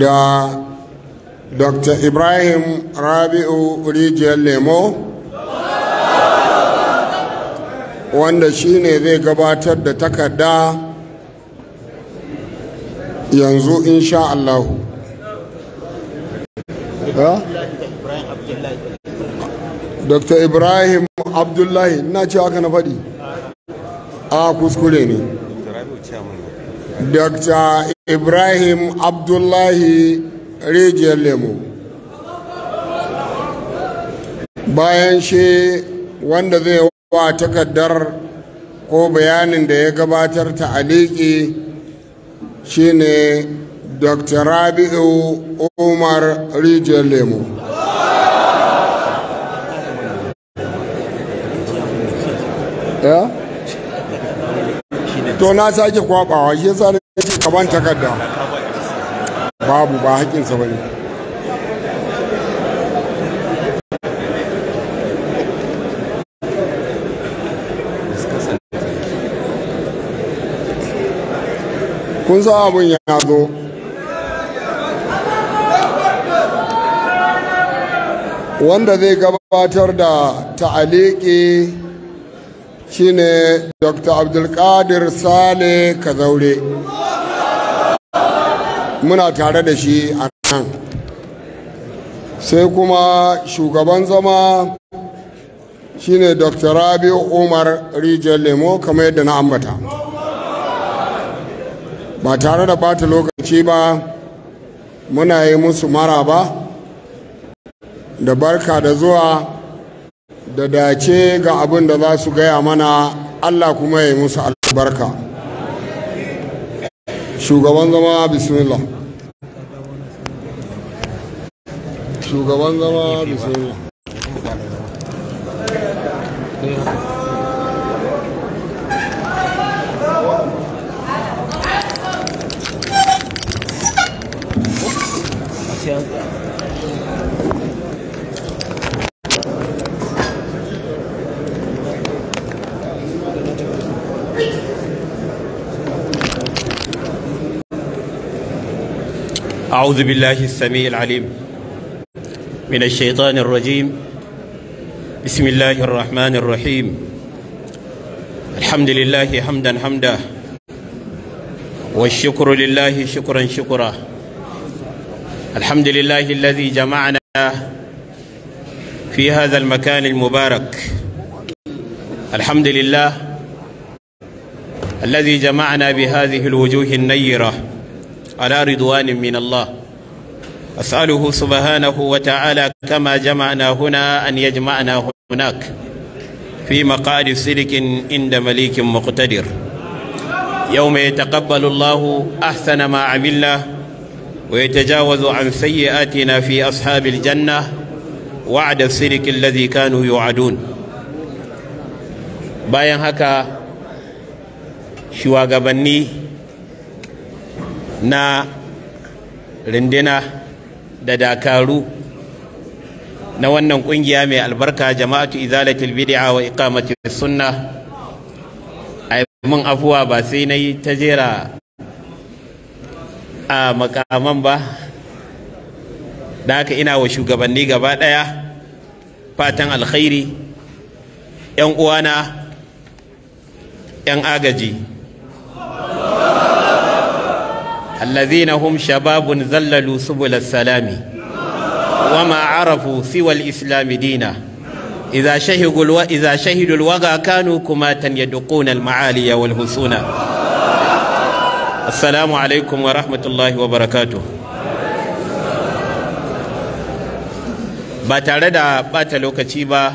da dr ibrahim rabi'u rijiyar lemo wanda shine zai gabatar da takarda yanzu insha allahu dr ibrahim abdullahi na cewa ka na faɗi a kuskure ne dr ibrahim abdullahi rijiyar lemo bayan shi wanda zai wa takardar ko bayanin da ya gabatar ta aliki shi ne dr rabi'u umar rijiyar lemo yeah? to na sake kwabawa shi yasa na gaban takarda babu ba hakinsa ba kun san abin ya zo wanda zai gabatar da ta'aliki shine dr abdulkadir sale kazaure muna tare da shi a nan sai kuma shugaban zama shine dr rabi umar rijiyar lemo kamar yadda na ambata ba tare da bata lokaci ba muna yi musu mara ba, da barka da zuwa da dace ga abin da za su gaya mana Allah kuma ya yi musu albarka shugaban zama bismillah shugaban zama bismillah أعوذ بالله السميع العليم من الشيطان الرجيم بسم الله الرحمن الرحيم الحمد لله حمدا حمدا والشكر لله شكرا شكرا الحمد لله الذي جمعنا في هذا المكان المبارك الحمد لله الذي جمعنا بهذه الوجوه النيره على رضوان من الله أسأله سبحانه وتعالى كما جمعنا هنا أن يجمعنا هناك في مقعد صدق عند مليك مقتدر يوم يتقبل الله أحسن ما عملنا ويتجاوز عن سيئاتنا في أصحاب الجنة وعد الصدق الذي كانوا يوعدون bayan haka shugabanni na rindina da dakaru na wannan kungiya mai albarka jama'atu izalatul bid'a wa iqamati sunna ai mun afuwa ba sai nayi ta jera a makaman ba da haka ina wa shugabanni gaba daya fatan alkhairi yan uwana yan agaji الذين هم شباب ذللوا سبل السلام وما عرفوا سوى الإسلام دينا إذا شهدوا الو... إذا شهدوا الوغى كانوا كماة يدقون المعالي والحسنى السلام عليكم ورحمة الله وبركاته ba tare da ɓata lokaci ba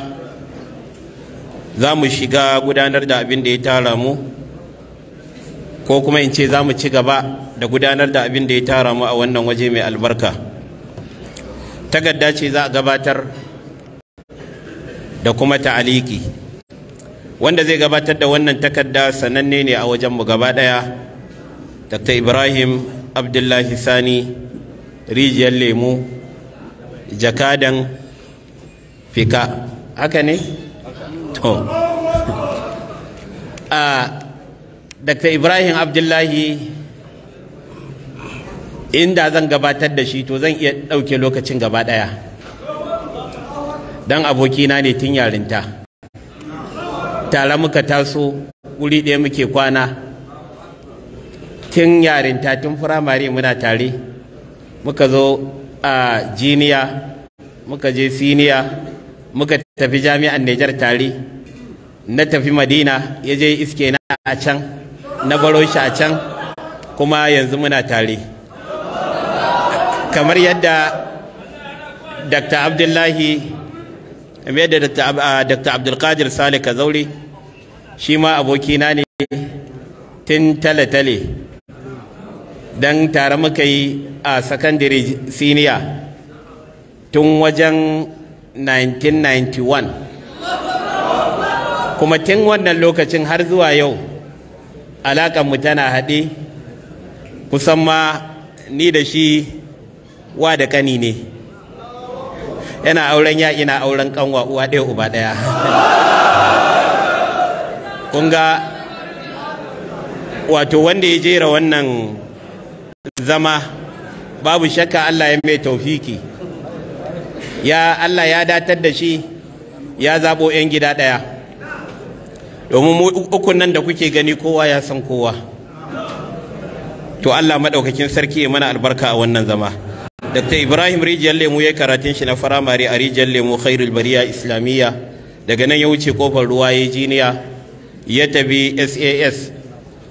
za mu shiga gudanar da abin da ya tara mu ko kuma in ce za mu ci gaba da gudanar da abin da ya tara mu a wannan waje mai albarka takarda ce za a gabatar da kuma ta'aliki wanda zai gabatar da wannan takarda sananne ne a wajenmu mu gaba dr ibrahim abdullahi sani rijiyar lemu jakadan fika haka ne? to ah, dr ibrahim abdullahi inda zan gabatar da shi to zan iya ɗauke lokacin gaba ɗaya don abokina ne tun yarinta tare muka taso wuri ɗaya muke kwana tun yarinta tun firamare muna tare muka zo a jiniya muka je siniya muka tafi jami'an Nijar tare na tafi madina ya je iske na a can na baro shi a can kuma yanzu muna tare kamar yadda dr abdullahi kamar yadda dr ah, abdulkadir salih kazauri shi ma abokina ne tun tale-tale don tare muka yi a secondary senior tun wajen 1991 kuma tun wannan lokacin har zuwa yau alaƙanmu tana haɗe kusan ma ni da shi wa da kani ne yana auren ya ina auren kanwa uwa ɗaya uba ɗaya kun wato wanda ya jera wannan zama babu shakka Allah ya mai taufiki ya Allah ya datar da shi ya zaɓo 'yan gida ɗaya domin mu ukun nan da kuke gani kowa ya san kowa to Allah maɗaukakin sarki ya mana albarka a wannan zama Dr. Ibrahim Rijiyar Lemu ya karatun shi na firamare a Rijiyar Lemu Khairul Bariya Islamiyya daga nan ya wuce kofar ruwa ya jiniya ya tafi SAS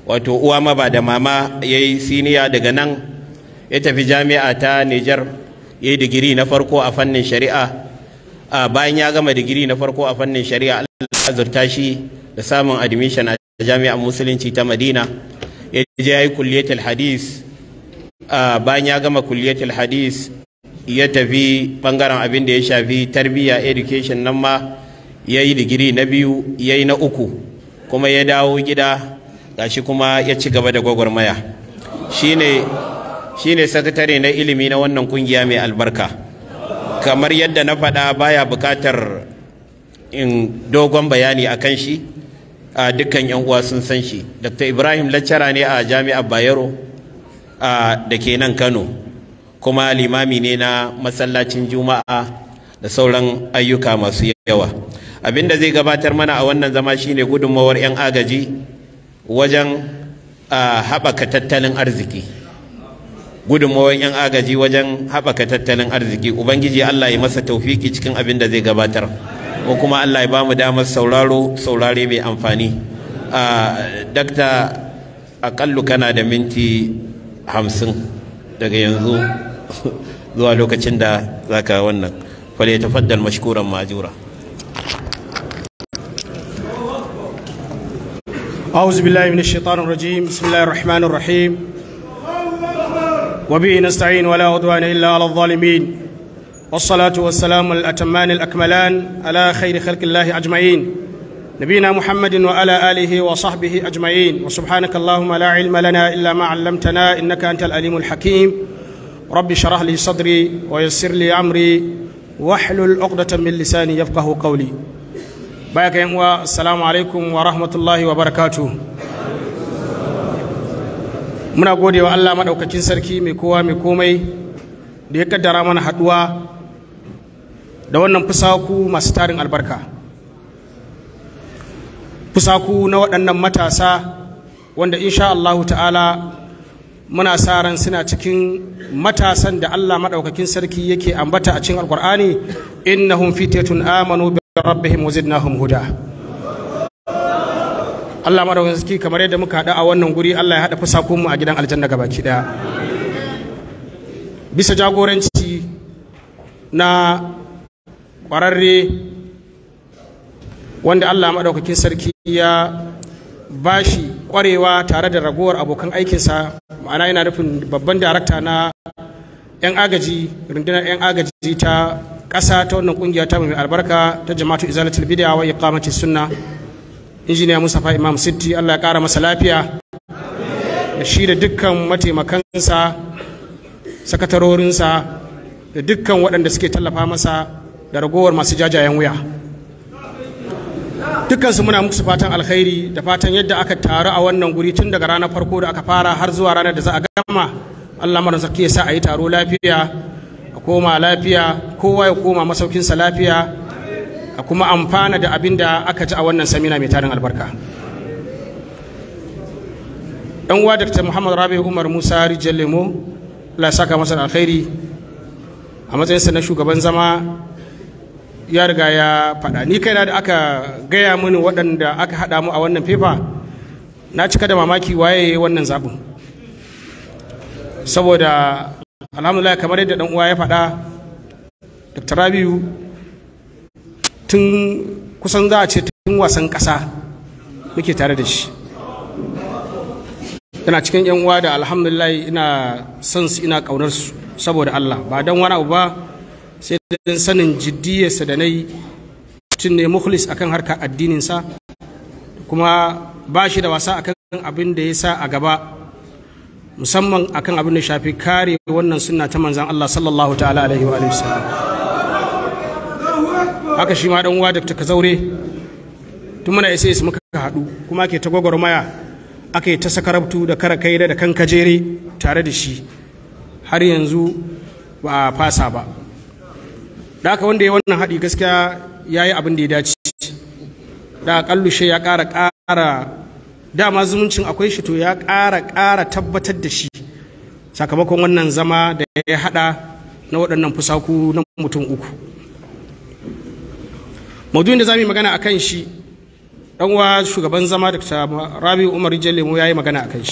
wato uwa maba da mama ya yi siniya daga nan ya tafi jami'a ta Nijar ya yi digiri na farko a fannin shari'a A bayan ya gama digiri na farko a fannin shari'a Allah zurta shi da samun admission a jami'ar musulunci ta Madina ya je ya yi kulliyatul hadis Ah, bayan ya gama kulliyatul hadis ya tafi bangaren abin da ya shafi tarbiyya education nan ma ya yi digiri na biyu ya yi na uku kuma ya dawo gida gashi kuma ya ci gaba da gwagwarmaya shi ne sakatare na ilimi na wannan kungiya mai albarka kamar yadda na faɗa baya bukatar in dogon bayani a kan shi a ah, dukkan 'yan uwa sun san shi dr ibrahim lacara ne a jami'ar bayero da ke nan kano kuma limami ne na masallacin juma'a da sauran ayyuka masu yawa da zai gabatar mana a wannan zama shine gudunmawar 'yan agaji wajen haɓaka tattalin arziki gudunmawar 'yan agaji wajen haɓaka tattalin arziki ubangiji allah ya masa taufiki cikin abin da zai gabatar ko kuma allah ya bamu damar sauraro saurare mai amfani dakta aƙallu kana da minti hamsin daga yanzu zuwa lokacin da za ka wannan fale tafaddal mashkuran majura أعوذ بالله من الشيطان الرجيم بسم الله الرحمن الرحيم وبه نستعين ولا عدوان إلا على الظالمين والصلاة والسلام الأتمان الأكملان على خير خلق الله أجمعين نبينا محمد وعلى آله وصحبه أجمعين وسبحانك اللهم لا علم لنا إلا ما علمتنا إنك أنت الأليم الحكيم رب شرح لي صدري ويسر لي أمري واحلل عقدة من لساني يفقه قولي بايك يا السلام عليكم ورحمة الله وبركاته muna gode wa Allah maɗaukakin sarki mai kowa mai komai da ya kaddara mana haɗuwa da wannan fusaku masu tarin albarka kusaku na waɗannan matasa wanda insha Allahu ta'ala muna sa ran suna cikin matasan da Allah maɗaukakin sarki yake ambata a cikin alkur'ani innahum fitatun amanu bi rabbihim wa zidnahum huda Allah maɗaukakin sarki kamar yadda muka haɗu a wannan guri Allah ya haɗa fusakun mu a gidan aljanna gabaki ɗaya bisa jagoranci na ƙwararre wanda Allah maɗaukakin sarki ya ba shi ƙwarewa tare da ragowar abokan aikinsa ma'ana yana nufin babban darakta na 'yan agaji rundunar 'yan agaji ta ƙasa ta wannan ƙungiya ta mai albarka ta jama'atu izalatul bid'a wa iqamati sunna injiniya mustafa Imam Sitti Allah ya ƙara masa lafiya da shi da dukkan mataimakansa sakatarorinsa da dukkan waɗanda suke tallafa masa da ragowar masu jajayen wuya dukansu muna musu fatan alkhairi da fatan yadda aka taru a wannan guri tun daga ranar farko da aka fara har zuwa ranar da za a gama Allah mara sarki ya sa a yi taro lafiya a koma lafiya kowa ya koma masaukinsa lafiya a kuma amfana da abin da aka ji a wannan samina mai tarin albarka ɗan uwa Dr. Muhammad Rabi Umar Musa rijiyar Lemo Allah saka masa alkhairi a matsayinsa na shugaban zama ya riga ya faɗa ni kaina da aka gaya mini waɗanda aka haɗa mu a wannan fefa na cika da mamaki waye wannan zaɓin saboda alhamdulillah kamar yadda ɗan uwa ya faɗa dr rabiu tun kusan za a ce tun wasan ƙasa muke tare da shi yana cikin yan uwa da alhamdulillah ina son su ina ƙaunar su saboda allah ba don wani abu ba sai dan sanin jiddiyarsa da na yi mutum ne mukhlis akan harka addininsa kuma ba shi da wasa akan abin da ya sa a gaba musamman akan abin da shafi kare wannan suna ta manzan Allah sallallahu ta'ala alaihi wa sallam haka shi ma dan uwa da ta zaure tun muna isa isa muka haɗu kuma ke ta gwagwarmaya aka yi ta sakarabtu da kara kai da kan kajere tare da shi har yanzu ba a fasa ba da haka wanda ya wannan haɗi gaskiya ya yi abin da ya dace da shi ya ƙara ƙara dama zumuncin akwai shi to ya ƙara ƙara tabbatar da shi sakamakon wannan zama da ya haɗa na waɗannan fusaku na mutum uku maudu'in da za mu yi magana a kan shi ɗan shugaban zama da rabi umar jalemu ya yi magana a kan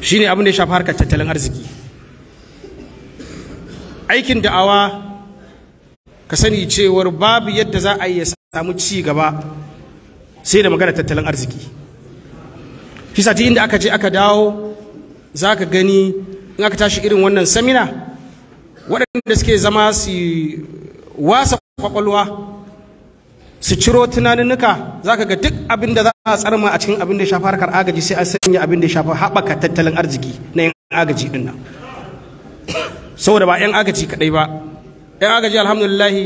shi ne abin da ya shafa harkar tattalin arziki aikin da'awa ka sani cewar babu yadda za a yi samu ci gaba sai da magana tattalin arziki shi sati inda aka je aka dawo za ka gani in aka tashi irin wannan samina waɗanda suke zama su wasa kwakwalwa su ciro nuka za ka ga duk abin da za a tsarma a cikin abin da shafa harkar agaji sai a sanya abin da shafa haɓaka tattalin arziki na yin agaji ɗin nan saboda ba 'yan agaji kaɗai ba 'yan agaji alhamdulillahi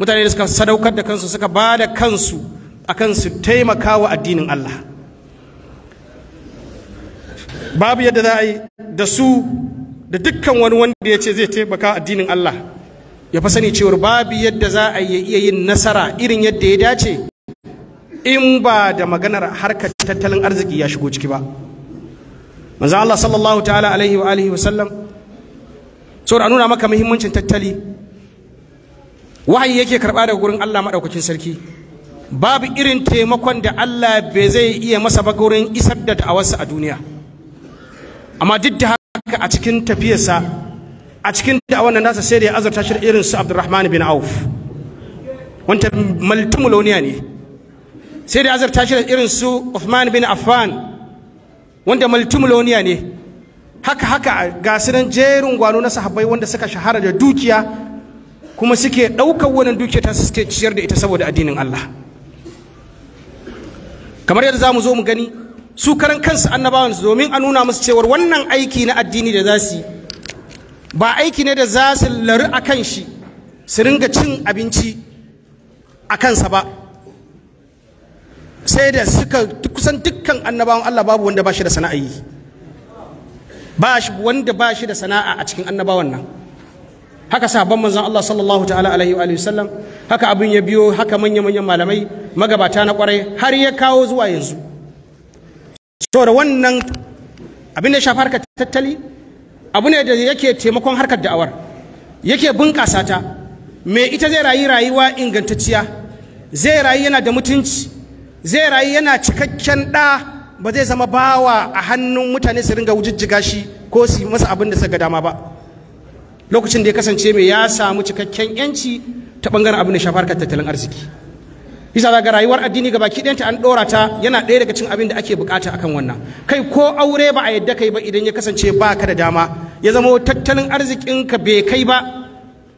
mutane da suka sadaukar da kansu suka ba da kansu akan su taimaka wa addinin Allah babu yadda za a yi da su da dukkan wani wanda ya ce zai taimaka addinin Allah ya fi sani cewar babu yadda za a iya yin nasara irin yadda ya dace in ba da maganar harkar tattalin arziki ya shigo ciki ba manzo Allah sallallahu ta'ala alaihi wa alihi wa sallam saboda a nuna maka muhimmancin tattali wahayi yake karɓa daga gurin Allah maɗaukakin sarki babu irin taimakon da Allah bai zai iya masa ba gurin isar da da'awarsa a duniya amma duk da haka a cikin tafiyarsa a cikin da'awar nan nasa sai da ya azurta shi irin su Abdurrahman bin Auf wanda multimiloniya ne sai da ya azurta shi irin su Uthman bin Affan wanda multimiloniya ne haka haka a su jerin gwano na sahabbai wanda suka shahara da dukiya kuma suke ɗaukar wannan dukiya ta suke ciyar da ita saboda addinin Allah kamar yadda za mu zo mu gani su karan kansu annabawan su domin a nuna musu cewar wannan aiki na addini da za su ba aiki ne da za su lari a kan shi su ringa cin abinci a kansa ba sai da suka kusan dukkan annabawan Allah babu wanda ba shi da sana'a yi. ba wanda ba shi da sana'a a cikin annabawan nan haka sabon manzon Allah sallallahu ta'ala alaihi wa sallam haka abin ya biyo haka manya manyan malamai magabata na kwarai har ya kawo zuwa yanzu So da wannan abin da shafi harkar tattali abu ne da yake taimakon harkar da'awar yake bunƙasa ta me ita zai rayu rayuwa ingantacciya zai rayu yana da mutunci zai rayu yana cikakken ɗa ba zai zama bawa a hannun mutane su ringa wujijjiga shi ko su masa abin da suka dama ba lokacin da ya kasance mai ya samu cikakken yanci ta bangaren abin da shafar tattalin arziki bisa ga rayuwar addini ga baki ɗayanta an ɗora ta yana ɗaya daga cin abin da ake bukata akan wannan kai ko aure ba a yadda kai ba idan ya kasance ba ka da dama ya zama tattalin arzikinka bai kai ba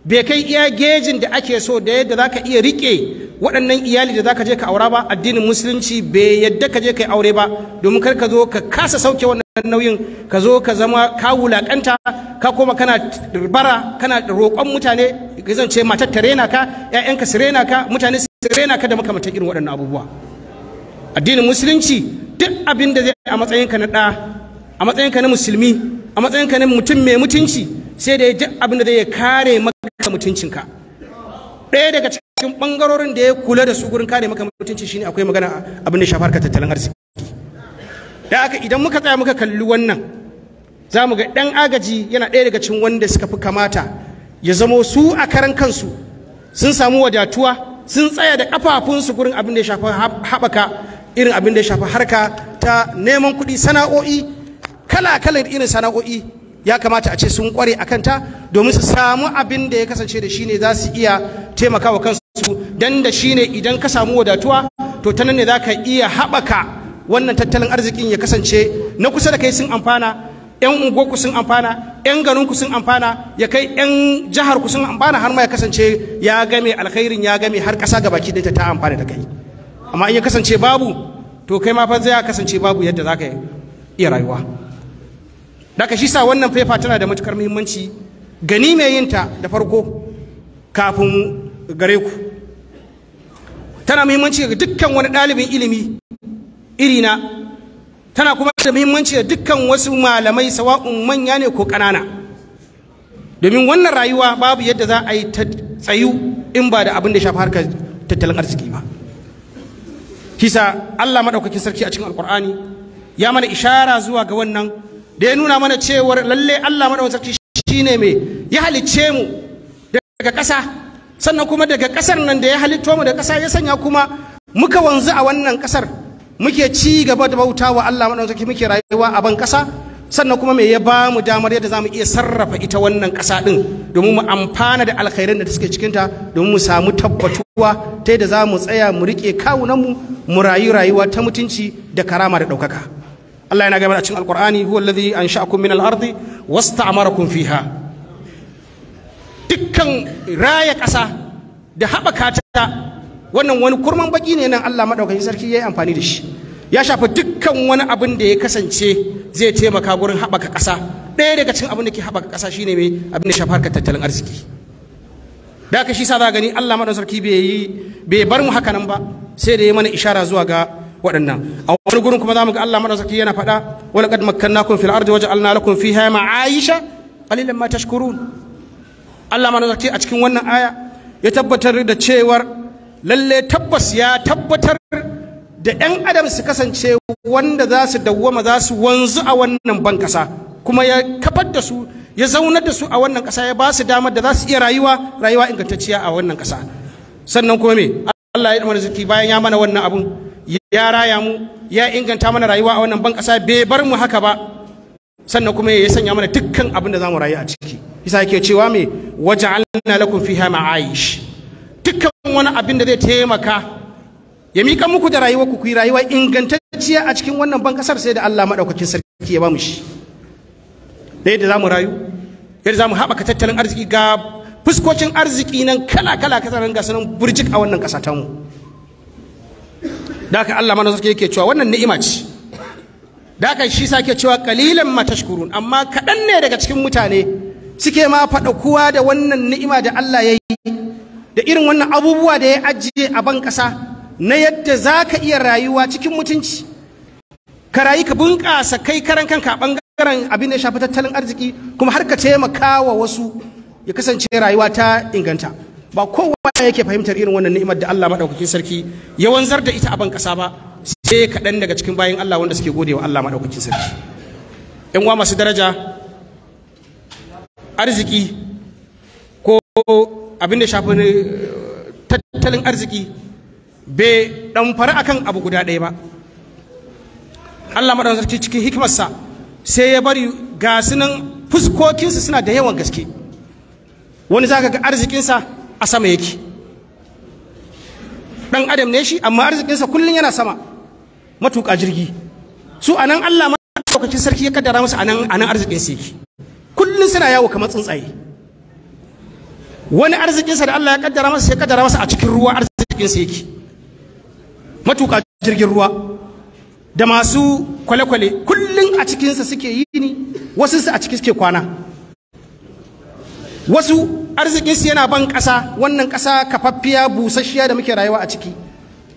bai kai iya gejin da ake so da yadda za ka iya rike. waɗannan iyali da za ka je ka aura ba addinin musulunci bai yadda ka je ka aure ba domin kar ka zo ka kasa sauke wannan nauyin ka zo ka zama ka wulakanta ka koma kana bara kana roƙon mutane ka zance matar ta rena ka ƴaƴanka su rena ka mutane su rena ka da makamantan irin waɗannan abubuwa addinin musulunci duk abin da zai a matsayinka na ɗa a matsayinka na musulmi a matsayinka na mutum mai mutunci sai da duk abin da zai kare maka mutuncinka ɗaya daga cikin cikin bangarorin da ya kula da su gurin kare maka mutunci shine akwai magana abin da shafi harkar tattalin arziki da aka idan muka tsaya muka kalli wannan za mu ga ɗan agaji yana ɗaya daga cikin wanda suka fi kamata ya zamo su a karan kansu sun samu wadatuwa sun tsaya da kafafunsu gurin abin da ya shafi haɓaka irin abin da ya shafi harka ta neman kuɗi sana'o'i kala-kalar irin sana'o'i ya kamata a ce sun kware a kanta domin su samu abin da ya kasance da shi ne za su iya taimakawa kansu su dan da shine idan ka samu wadatuwa to ta nan ne za ka iya haɓaka wannan tattalin arzikin ya kasance na kusa da kai sun amfana yan ku sun amfana yan garinku sun amfana ya kai yan jihar ku sun amfana har ma ya kasance ya game alkhairin ya game har ƙasa ga baki ɗinta ta amfana da kai amma in ya kasance babu to kai ma fa zai kasance babu yadda za ka iya rayuwa daga shi sa wannan fefa tana da matukar muhimmanci gani mai yinta da farko kafin gare ku tana muhimmanci ga dukkan wani ɗalibin ilimi irina tana kuma da muhimmanci da dukkan wasu malamai sawa'un manya ne ko ƙanana domin wannan rayuwa babu yadda za a yi ta tsayu in ba da abin da shafi harkar tattalin arziki ba kisa allah maɗaukakin sarki a cikin alkur'ani ya mana ishara zuwa ga wannan da ya nuna mana cewar lalle allah maɗaukakin sarki ne mai ya halicce mu daga ƙasa sannan kuma daga ƙasar nan da ya halitto mu da kasa ya sanya kuma muka wanzu a wannan kasar muke ci gaba da bauta wa Allah maɗaukaki muke rayuwa a ban kasa sannan kuma me ya ba mu damar yadda za mu iya sarrafa ita wannan kasa ɗin domin mu amfana da alkhairan da suke cikin ta domin mu samu tabbatuwa ta yadda za tsaya mu rike kawunanmu mu rayu rayuwa ta mutunci da karama da ɗaukaka Allah yana gaba da cikin Alƙur'ani huwa alladhi ansha'akum min al-ardi wasta'marakum fiha dukkan raya ƙasa da haɓaka ta wannan wani kurman baki ne nan Allah maɗaukakin sarki ya yi amfani da shi ya shafi dukkan wani abin da ya kasance zai taimaka gurin haɓaka ƙasa ɗaya daga cikin abin da ke haɓaka ƙasa shine mai abin da shafi harkar tattalin arziki da aka shi sa za gani Allah maɗaukakin sarki bai yi bai bar mu haka nan ba sai da ya mana ishara zuwa ga waɗannan a wani gurin kuma za mu ga Allah maɗaukakin yana faɗa walaƙad makkannakum fil ardi waja'alna lakum fiha ma'aisha qalilan ma tashkurun Allah zaki a cikin wannan aya ya tabbatar da cewar lalle tabbas ya tabbatar da ɗan adam su kasance wanda za su dawwama za su wanzu a wannan ban kasa kuma ya kafar da su ya zaunar da su a wannan kasa ya ba su damar da za su iya rayuwa rayuwa ingantacciya a wannan kasa sannan kuma me Allah ya yi mana ziki bayan ya mana wannan abun ya raya mu ya inganta mana rayuwa a wannan ban kasa bai bar mu haka ba sannan kuma ya sanya mana dukkan abin da za mu rayu a ciki isa yake cewa me waja'alna lakum fiha ma'aish dukkan wani abin da zai taimaka ya mika muku da rayuwar ku kuyi rayuwa ingantacciya a cikin wannan ban kasar sai da Allah madaukakin sarki ya ba mu shi da yadda zamu rayu yadda zamu haɓaka tattalin arziki ga fuskocin arziki nan kala kala kasaran ga sanan burjik a wannan kasa ta mu da haka Allah mana sarki yake cewa wannan ni'ima ce da haka shi sake cewa qalilan matashkurun amma kaɗan ne daga cikin mutane suke ma faɗa kowa da wannan ni'ima da Allah ya yi da irin wannan abubuwa da ya ajiye a ban ƙasa na yadda za ka iya rayuwa cikin mutunci ka rayu ka bunƙasa kai karan kanka a ɓangaren abin da ya shafi tattalin arziki kuma har ka taimaka wa wasu ya kasance rayuwa ta inganta ba kowa yake fahimtar irin wannan ni'imar da Allah maɗaukakin sarki ya wanzar da ita a ban ƙasa ba sai kaɗan daga cikin bayan Allah wanda suke gode wa Allah maɗaukakin sarki. Ƴan uwa masu daraja arziki ko abin da shafi eh, tattalin arziki bai fara akan abu guda ɗaya ba Allah maɗaukar sarki cikin hikimarsa sai ya bari ga sunan fuskokinsu suna da yawan gaske wani za ka ga arzikinsa a sama yake ɗan adam ne shi amma arzikinsa kullum yana sama matuƙa jirgi su anan Allah maɗaukacin sarki ya kaddara musu anan arzikinsa yake kullum suna yawo kamar tsuntsaye wani arzikinsa da Allah ya kaddara masa sai kaddara masa a cikin ruwa arzikinsa yake matuka jirgin ruwa da masu kwale-kwale kullum a cikinsa suke yi ni wasu su a cikin suke kwana wasu arzikinsu yana ban ƙasa wannan ƙasa kafaffiya busasshiya da muke rayuwa a ciki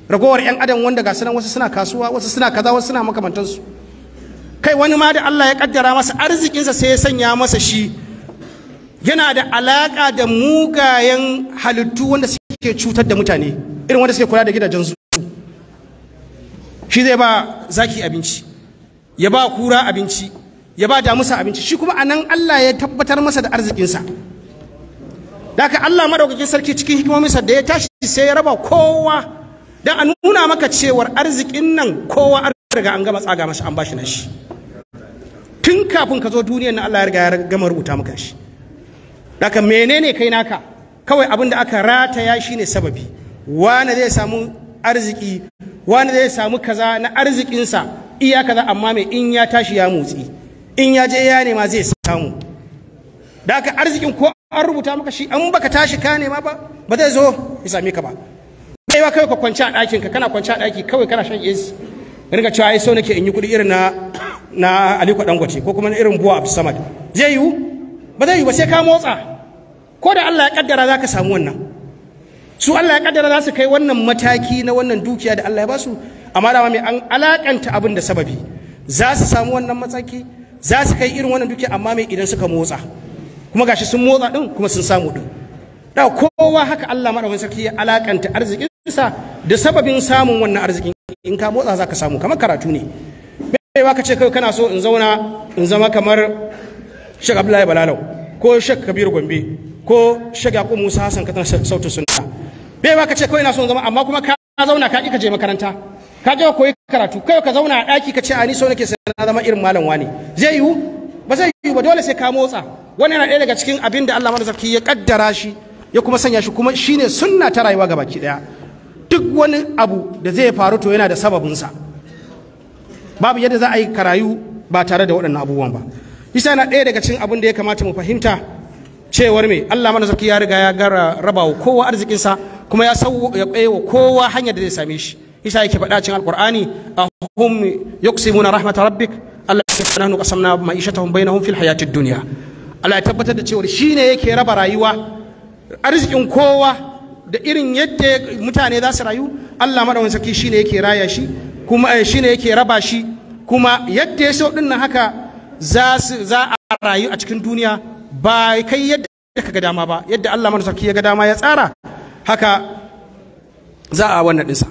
ragowar 'yan adam wanda ga sunan wasu suna kasuwa wasu suna kaza wasu suna makamantansu kai wani ma da Allah ya kaddara masa arzikinsa sai ya sanya masa shi yana da alaka da mugayen halittu wanda suke cutar da mutane irin wanda suke kula da gidajen su shi zai ba zaki abinci ya ba kura abinci ya ba damusa abinci shi kuma anan Allah ya tabbatar masa da arzikinsa daga Allah madaukakin sarki cikin hikimominsa da ya tashi sai ya raba kowa dan a nuna maka cewar arzikin nan kowa riga an gama tsaga masa an bashi nashi tun kafin ka zo duniyar na Allah ya riga ya gama rubuta maka shi daga menene kai naka kawai abin da aka rataya shine sababi wani zai samu arziki wani zai samu kaza na arzikinsa iya kaza amma mai in ya tashi ya motsi in ya je ya nema zai samu daga arzikin ko an rubuta maka shi an baka tashi ka nema ba ba zai zo ya same ka ba kai ba kawai ka kwanci a ɗakin ka kana kwanci a ɗaki kawai kana shan AC riga cewa ai so nake in yi kudi irin na na Aliko Dangote ko kuma irin Buwa Abdul Samad zai yiwu ba zai yiwu ba sai ka motsa ko da Allah ya kaddara ka samu wannan su Allah ya kaddara za su kai wannan mataki na wannan dukiya da Allah ya ba su amma da mai an alakanta abin da sababi za su samu wannan mataki za su kai irin wannan dukiya amma mai idan suka motsa kuma gashi sun motsa din kuma sun samu din da kowa haka Allah madawin sarki ya alakanta arzikinsa da sababin samun wannan arzikin in ka motsa zaka samu kamar karatu ne baiwa ka ce kai kana so in zauna in zama kamar Sheikh Abdullahi Balalau ko Sheikh Kabir Gombe ko Sheikh Yaqub Musa Hassan katan sautin sunna baiwa ka ce kai na so in zama amma kuma ka zauna ka ka je makaranta ka je koyi karatu kai ka zauna a daki ka ce ni so nake sai na zama irin malam wani zai yiwu ba zai yiwu ba dole sai ka motsa wannan yana ɗaya daga cikin abin da Allah madawin sarki ya kaddara shi ya kuma sanya shi kuma shine sunna ta rayuwa ga baki daya duk wani abu da zai faru to yana da sababinsa babu yadda za a yi karayu ba tare da waɗannan abubuwan ba isa na ɗaya daga cikin abin da ya kamata mu fahimta cewar me Allah mana sarki ya riga ya gara raba wa kowa arzikinsa kuma ya sau ya wa kowa hanyar da zai same shi isa yake faɗa cikin alqur'ani ahum yuqsimuna rahmat rabbik Allah nahnu qasamna ma'ishatahum bainahum fil hayatid dunya Allah ya tabbatar da cewa shine yake raba rayuwa arzikin kowa da irin yadda mutane za su rayu Allah madawin sarki shine yake raya shi kuma eh, shine yake raba shi kuma yadda ya so din nan haka za a rayu a cikin duniya ba kai yadda ka ga dama ba yadda Allah madawin sarki ya ga dama ya tsara haka za a wannan ɗinsa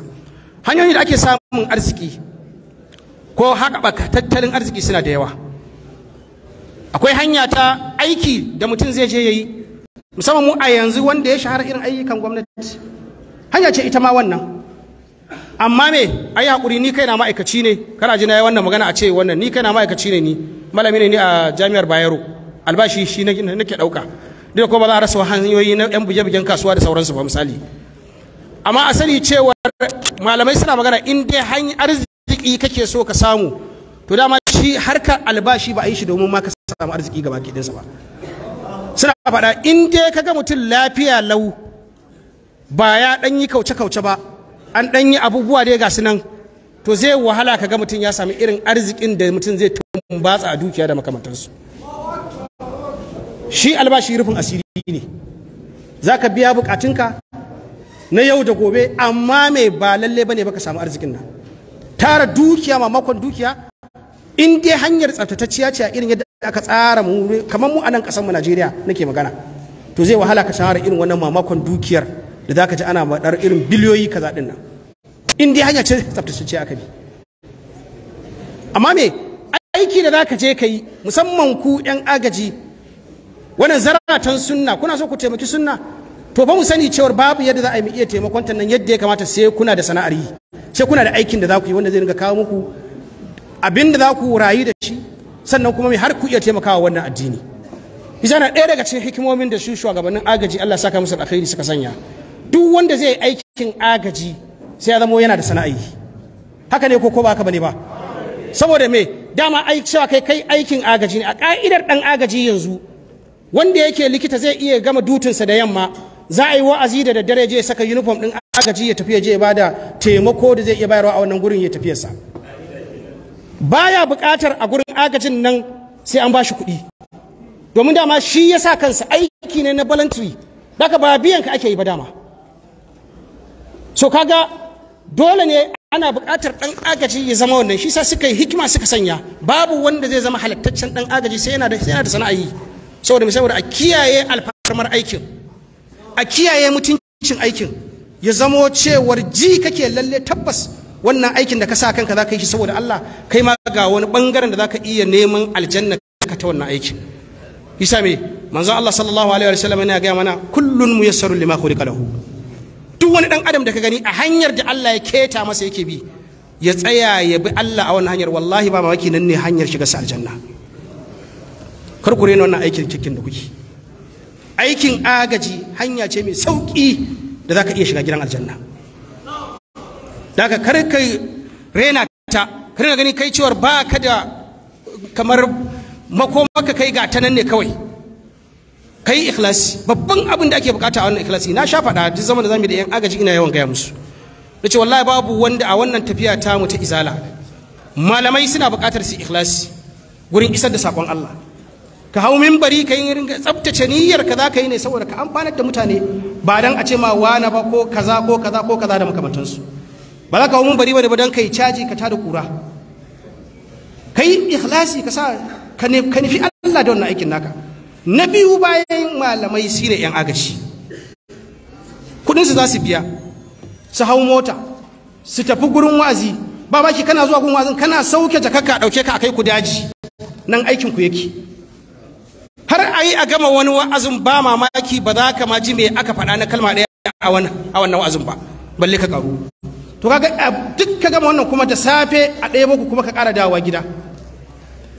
hanyoyin da ake samun arziki ko haɓaka tattalin arziki suna da yawa akwai hanya ta aiki da mutum zai je ya yi musamman mu a yanzu wanda ya shahara irin ayyukan gwamnati hanya ce ita ma wannan amma me ai hakuri ni kaina ma'aikaci ne kana ji na wannan magana a ce wannan ni kaina ma'aikaci ne ni malami ne ni a jami'ar Bayero albashi shi nake dauka duk ko ba za a rasa hanyoyi na yan buge kasuwa da sauransu ba misali amma asali cewar malamai suna magana in dai hanyar arziki kake so ka samu to dama shi harkar albashi ba a yi shi domin ma ka samu arziki gaba ɗinsa ba suna faɗa in dai ka ga mutum lafiya lau ba ya ɗan yi kauce-kauce ba an ɗan yi abubuwa dai ga nan to zai wahala ka ga mutum ya sami irin arzikin da mutum zai tumbatsa a dukiya da makamantarsu. shi albashi rufin asiri ne za ka biya bukatunka na yau da gobe amma mai ba lalle ba ne baka samu arzikin nan tara dukiya mamakon dukiya in dai hanyar tsaftatacciya ce a irin yadda aka tsara mu kamar mu a nan ƙasar mu Najeriya nake magana to zai wahala ka shahara irin wannan mamakon dukiyar da zaka ji ana madar irin biliyoyi kaza din nan in dai hanya ce tsaftatacciya aka bi amma me aiki da zaka je kai musamman ku yan agaji wannan zaratan sunna kuna so ku taimaki sunna to ba mu sani cewar babu yadda za a yi iya taimakon ta nan yadda ya kamata sai kuna da sana'ar yi sai kuna da aikin da za ku yi wanda zai ringa kawo muku Abin da za ku rayu da shi sannan kuma mai har ku iya taimakawa wannan addini isa na ɗaya daga cikin hikimomin da a shugabannin agaji Allah saka musu alkhairi suka sanya duk wanda zai aikin agaji sai ya zamo yana da sana'a haka ne ko ko ba ka bane ba saboda me dama ai cewa kai kai aikin agaji ne a ka'idar dan agaji yanzu wanda yake likita zai iya gama dutinsa da yamma za a yi wa'azi da daddare je saka uniform din agaji ya tafi ya je ya bada taimako da zai iya bayarwa a wannan gurin ya tafiyarsa baya buƙatar a gurin agajin nan sai an ba shi kuɗi domin dama shi ya sa kansa aiki ne na voluntary daga ba biyan ka ake yi ba dama so kaga dole ne ana buƙatar ɗan agaji ya zama wannan shi sa suka yi hikima suka sanya babu wanda zai zama halittaccen ɗan agaji sai yana da sana'a yi saboda mai saboda a kiyaye alfarmar aikin a kiyaye mutuncin aikin ya zamo cewar ji kake lalle tabbas wannan aikin da ka sa kanka za ka yi shi saboda Allah kai ma ga wani bangaren da za ka iya neman aljanna ka ta wannan aikin isa me manzon Allah sallallahu alaihi wa sallam yana gaya mana kullun muyassarun lima khuliqa lahu duk wani dan adam da ka gani a hanyar da Allah ya keta masa yake bi ya tsaya ya bi Allah a wannan hanyar wallahi ba mamaki nan ne hanyar shiga sa aljanna kar ku rena wannan aikin cikin da kuke aikin agaji hanya ce mai sauki da za ka iya shiga gidan aljanna daga kar ka rena ta kar ka gani kai cewar ba ka da kamar makomaka kai ga ta nan ne kawai kai ikhlasi babban abin da ake bukata a wannan ikhlasi na sha faɗa duk zaman da zamu da yan agaji ina yawan gaya musu nace wallahi babu wanda a wannan tafiya ta mu ta izala malamai suna bukatar su ikhlasi gurin isar da sakon Allah ka hau mimbari ka yi ringa tsabtace niyyar ka za ka yi ne saboda ka amfanar da mutane ba dan a ce ma wani ba ko kaza ko kaza ko kaza da makamantansu ba za ka hau bari bari ba don kai caji ka tada kura kai ikhlasi ka sa ka nufi Allah da wannan aikin naka na biyu bayan malamai sire yan agashi kudin su za su biya su hau mota su tafi gurin wazi ba ba ki kana zuwa gurin wazin kana sauke jakakka dauke ka akai ku daji nan aikin ku yake har ayi a gama wani wa'azin ba mamaki ba za ka ma ji me aka faɗa na kalma ɗaya a wannan wa'azin ba balle ka karu to kaga eh, duk ka gama wannan kuma da safe a ɗaya boko kuma ka ƙara dawowa gida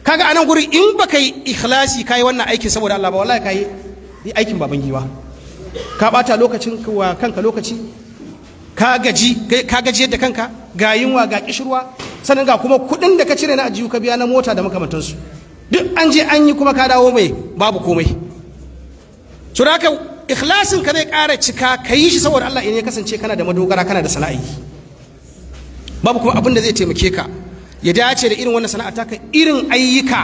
kaga anan guri in baka yi ikhlasi ka yi wannan aikin saboda Allah ba wallahi ka yi aikin baban giwa ka bata lokacin wa kanka lokaci ka gaji ka gaji yadda kanka ga yunwa ga kishirwa sannan ga kuma kuɗin da ka cire na ajiyu ka biya na mota da makamantansu duk an je an yi kuma ka dawo mai babu komai to da ikhlasin ka zai ƙara cika ka yi shi saboda Allah in ya kasance kana da madogara kana da sana'a babu kuma abin da zai taimake ka ya dace da irin wannan sana'a taka irin ayyuka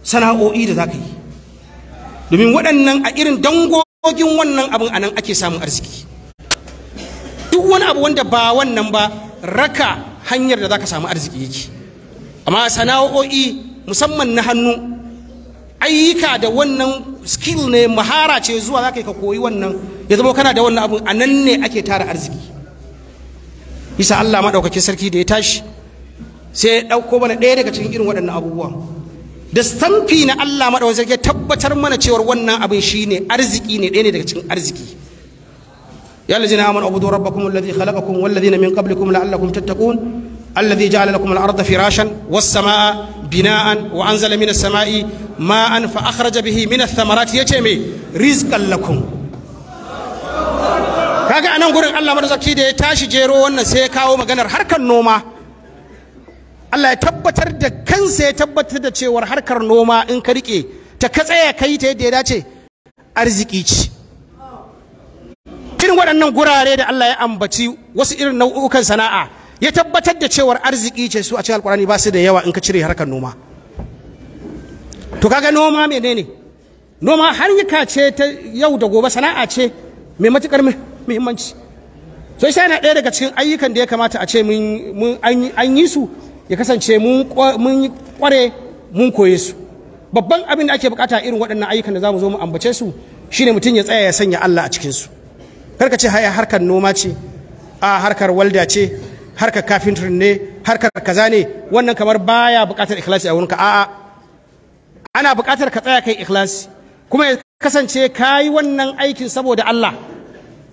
sana'o'i da za ka yi domin waɗannan a irin dangogin wannan abin a nan ake samun arziki duk wani abu wanda ba wannan ba raka hanyar da za ka samu arziki yake amma sana'o'i musamman na hannu ayyuka da wannan skill ne mahara ce zuwa za ka yi ka koyi wannan ya zama kana da wannan abin a nan ne ake tara arziki bisa Allah maɗaukakin sarki da ya tashi sai ya ɗauko mana ɗaya daga cikin irin waɗannan abubuwan da stamfi na Allah maɗaukakin sarki ya tabbatar mana cewar wannan abin shi ne arziki ne ɗaya ne daga cikin arziki ya lazina aman abudu rabbakum alladhi khalaqakum walladhina min qablikum la'allakum tattaqun alladhi ja'ala lakum al-ardha firashan was samaa bina'an wa anzala minas samai ma'an fa akhraja bihi min samarati thamarati yace me rizqan lakum kaga anan gurin Allah madaukaki da ya tashi jero wannan sai ya kawo maganar harkar noma Allah ya tabbatar da kansa ya tabbatar da cewar harkar noma in ka rike ta ka tsaya kai ta yadda ya dace arziki ci irin waɗannan gurare da Allah ya ambaci wasu irin nau'ukan sana'a ya tabbatar da cewar arziki ce su a cikin alkurani ba su da yawa in ka cire harkar noma to kaga noma menene noma harka ce ta yau da gobe sana'a ce mai matukar muhimmanci so sai na ɗaya daga cikin ayyukan da ya kamata a ce an yi su ya kasance mun kware mun koye su babban abin da ake bukata irin waɗannan ayyukan da za mu zo mu ambace su shine mutum ya tsaya ya sanya Allah a cikin su karka ce haya harkar noma ce a harkar walda ce harkar kafintir ne harkar kaza ne wannan kamar baya bukatar ikhlasi a wurinka a'a ana bukatar ka tsaya kai ikhlasi kuma ya kasance kayi wannan aikin saboda Allah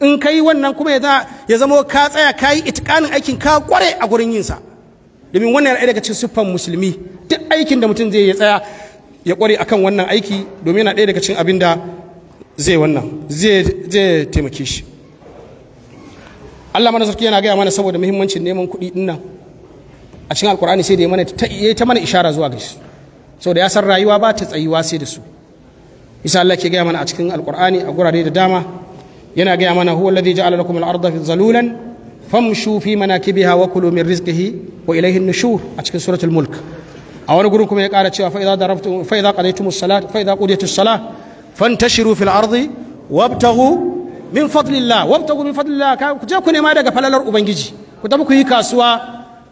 in ka yi wannan kuma ya zama ka tsaya ka yi itikanin aikin ka kware a gurin yinsa domin wannan yana daga cikin siffan musulmi duk aikin da mutum zai ya tsaya ya kware akan wannan aiki domin yana daga cikin abin da zai wannan zai taimake shi Allah mana sarki yana gaya mana saboda muhimmancin neman kuɗi dinnan a cikin alkur'ani sai da ya ta mana ishara zuwa ga shi saboda ya san rayuwa ba ta tsayuwa sai da su isa Allah ke gaya mana a cikin alkur'ani a gurare da dama yana gaya mana huwa alladhi ja'ala lakum al-ardha zalulan famshu fi manakibiha wa kulu min rizqihi wa ilayhi an-nushur a cikin suratul mulk a wani gurin kuma ya ƙara cewa fa idza darabtum fa idza qadaytum as-salat fa idza qudiyat as-salah fantashiru fil ardi wabtaghu min fadlillah wabtaghu min fadlillah ku je ku nema daga falalar ubangiji ku tafi ku yi kasuwa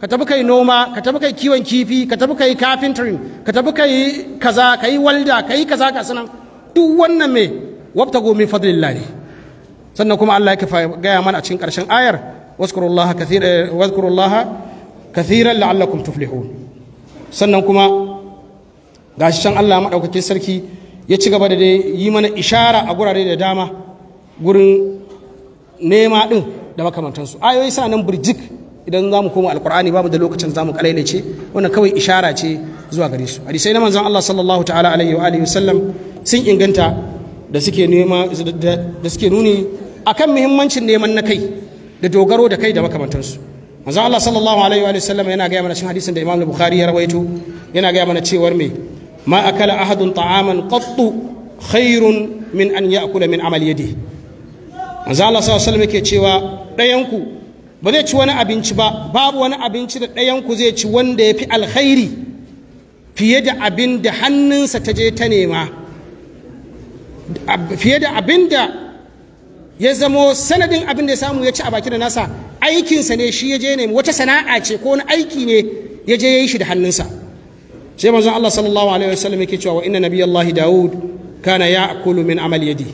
ka tafi kai noma ka tafi kai kiwon kifi ka tafi kai carpentering ka tafi kai kaza kai walda kai kaza ka sanan duk wannan me wabtago min fadlillah ne sannan kuma Allah ya gaya mana a cikin ƙarshen ayar waskurullaha kathira eh, kathiran la'allakum tuflihun sannan kuma gashi can Allah maɗaukakin sarki ya ci gaba da dai yi mana ishara a gurare da dama gurin nema ɗin da makamantansu ayoyi sa nan birjik idan za mu koma alkur'ani babu da lokacin za mu ce wannan kawai ishara ce zuwa gare su hadisai na manzon Allah sallallahu ta'ala alaihi wa alihi sun inganta da suke nema da suke nuni akan muhimmancin neman na kai da dogaro da kai da makamantansu manzo Allah sallallahu alaihi wa sallam yana gaya mana cikin hadisin da Imam Bukhari ya rawaito yana gaya mana cewar me ma akala ahadun ta'aman qattu khairun min an ya'kula min amali yadi manzo Allah sallallahu alaihi wa yake cewa ɗayanku ba zai ci wani abinci ba babu wani abinci da ɗayanku zai ci wanda ya fi alkhairi fiye da abin da hannunsa ta je ta nema fiye da abin da ya zamo sanadin abin da ya samu ya ci a baki da nasa aikinsa ne shi ya je ne wata sana'a ce ko wani aiki ne ya je ya yi shi da hannunsa sai manzon Allah sallallahu alaihi wasallam yake cewa wa inna nabiyallahi daud kana ya'kulu min amal yadi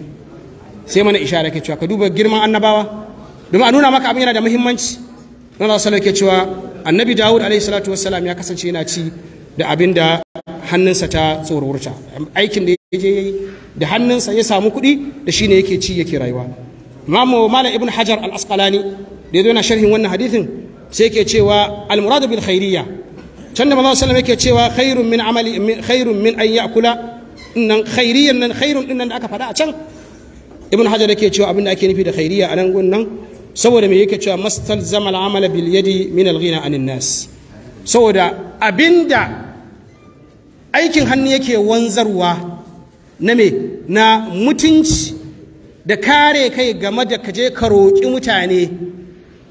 sai mana ishara yake cewa ka duba girman annabawa domin a nuna maka abin yana da muhimmanci Allah sallallahu alaihi cewa annabi daud alaihi salatu ya kasance yana ci da abin da hannunsa ta tsorurta aikin da je yayi da hannunsa ya samu kuɗi da shi shine yake ci yake rayuwa imamu malam ibn hajar al asqalani da yazo yana sharhin wannan hadithin sai yake cewa al muradu bil khairiyya can da manzo sallallahu yake cewa khairun min amali khairun min an ya'kula nan khairiyyan nan khairun din nan da aka faɗa a can ibn hajar yake cewa abin da ake nufi da khairiyya a nan gun saboda me yake cewa mastalzama al amala bil yadi min al ghina anin nas saboda abinda aikin hannu yake wanzarwa na me na mutunci da kare kai game da kaje ka roƙi mutane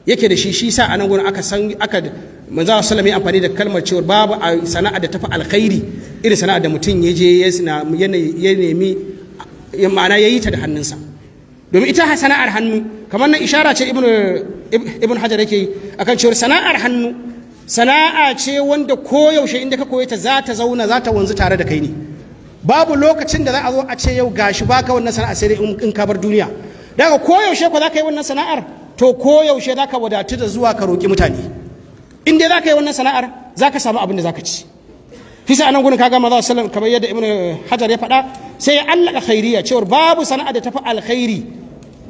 yake da shi shi sa anan gurin aka san aka manzo sallallahu amfani da kalmar cewa babu sana'a da tafi alkhairi irin sana'a da mutum ya je ya nemi ma'ana ya ta da hannunsa domin ita sana'ar hannu kamar nan ishara ce ibn hajar yake akan cewar sana'ar hannu sana'a ce wanda koyaushe inda ka koyeta ta za ta zauna za ta wanzu tare da kai ne babu lokacin da za a zo a ce yau gashi baka wannan sana'a sai dai in ka bar duniya daga yaushe ko za ka yi wannan sana'ar to ko yaushe za ka wadatu da zuwa ka roƙi mutane in dai za ka yi wannan sana'ar za ka samu abin da za ka ci fisa anan gudun kaga maza sallam kamar yadda ibnu hajar ya faɗa sai ya allaka khairiyya cewar babu sana'a da tafi alkhairi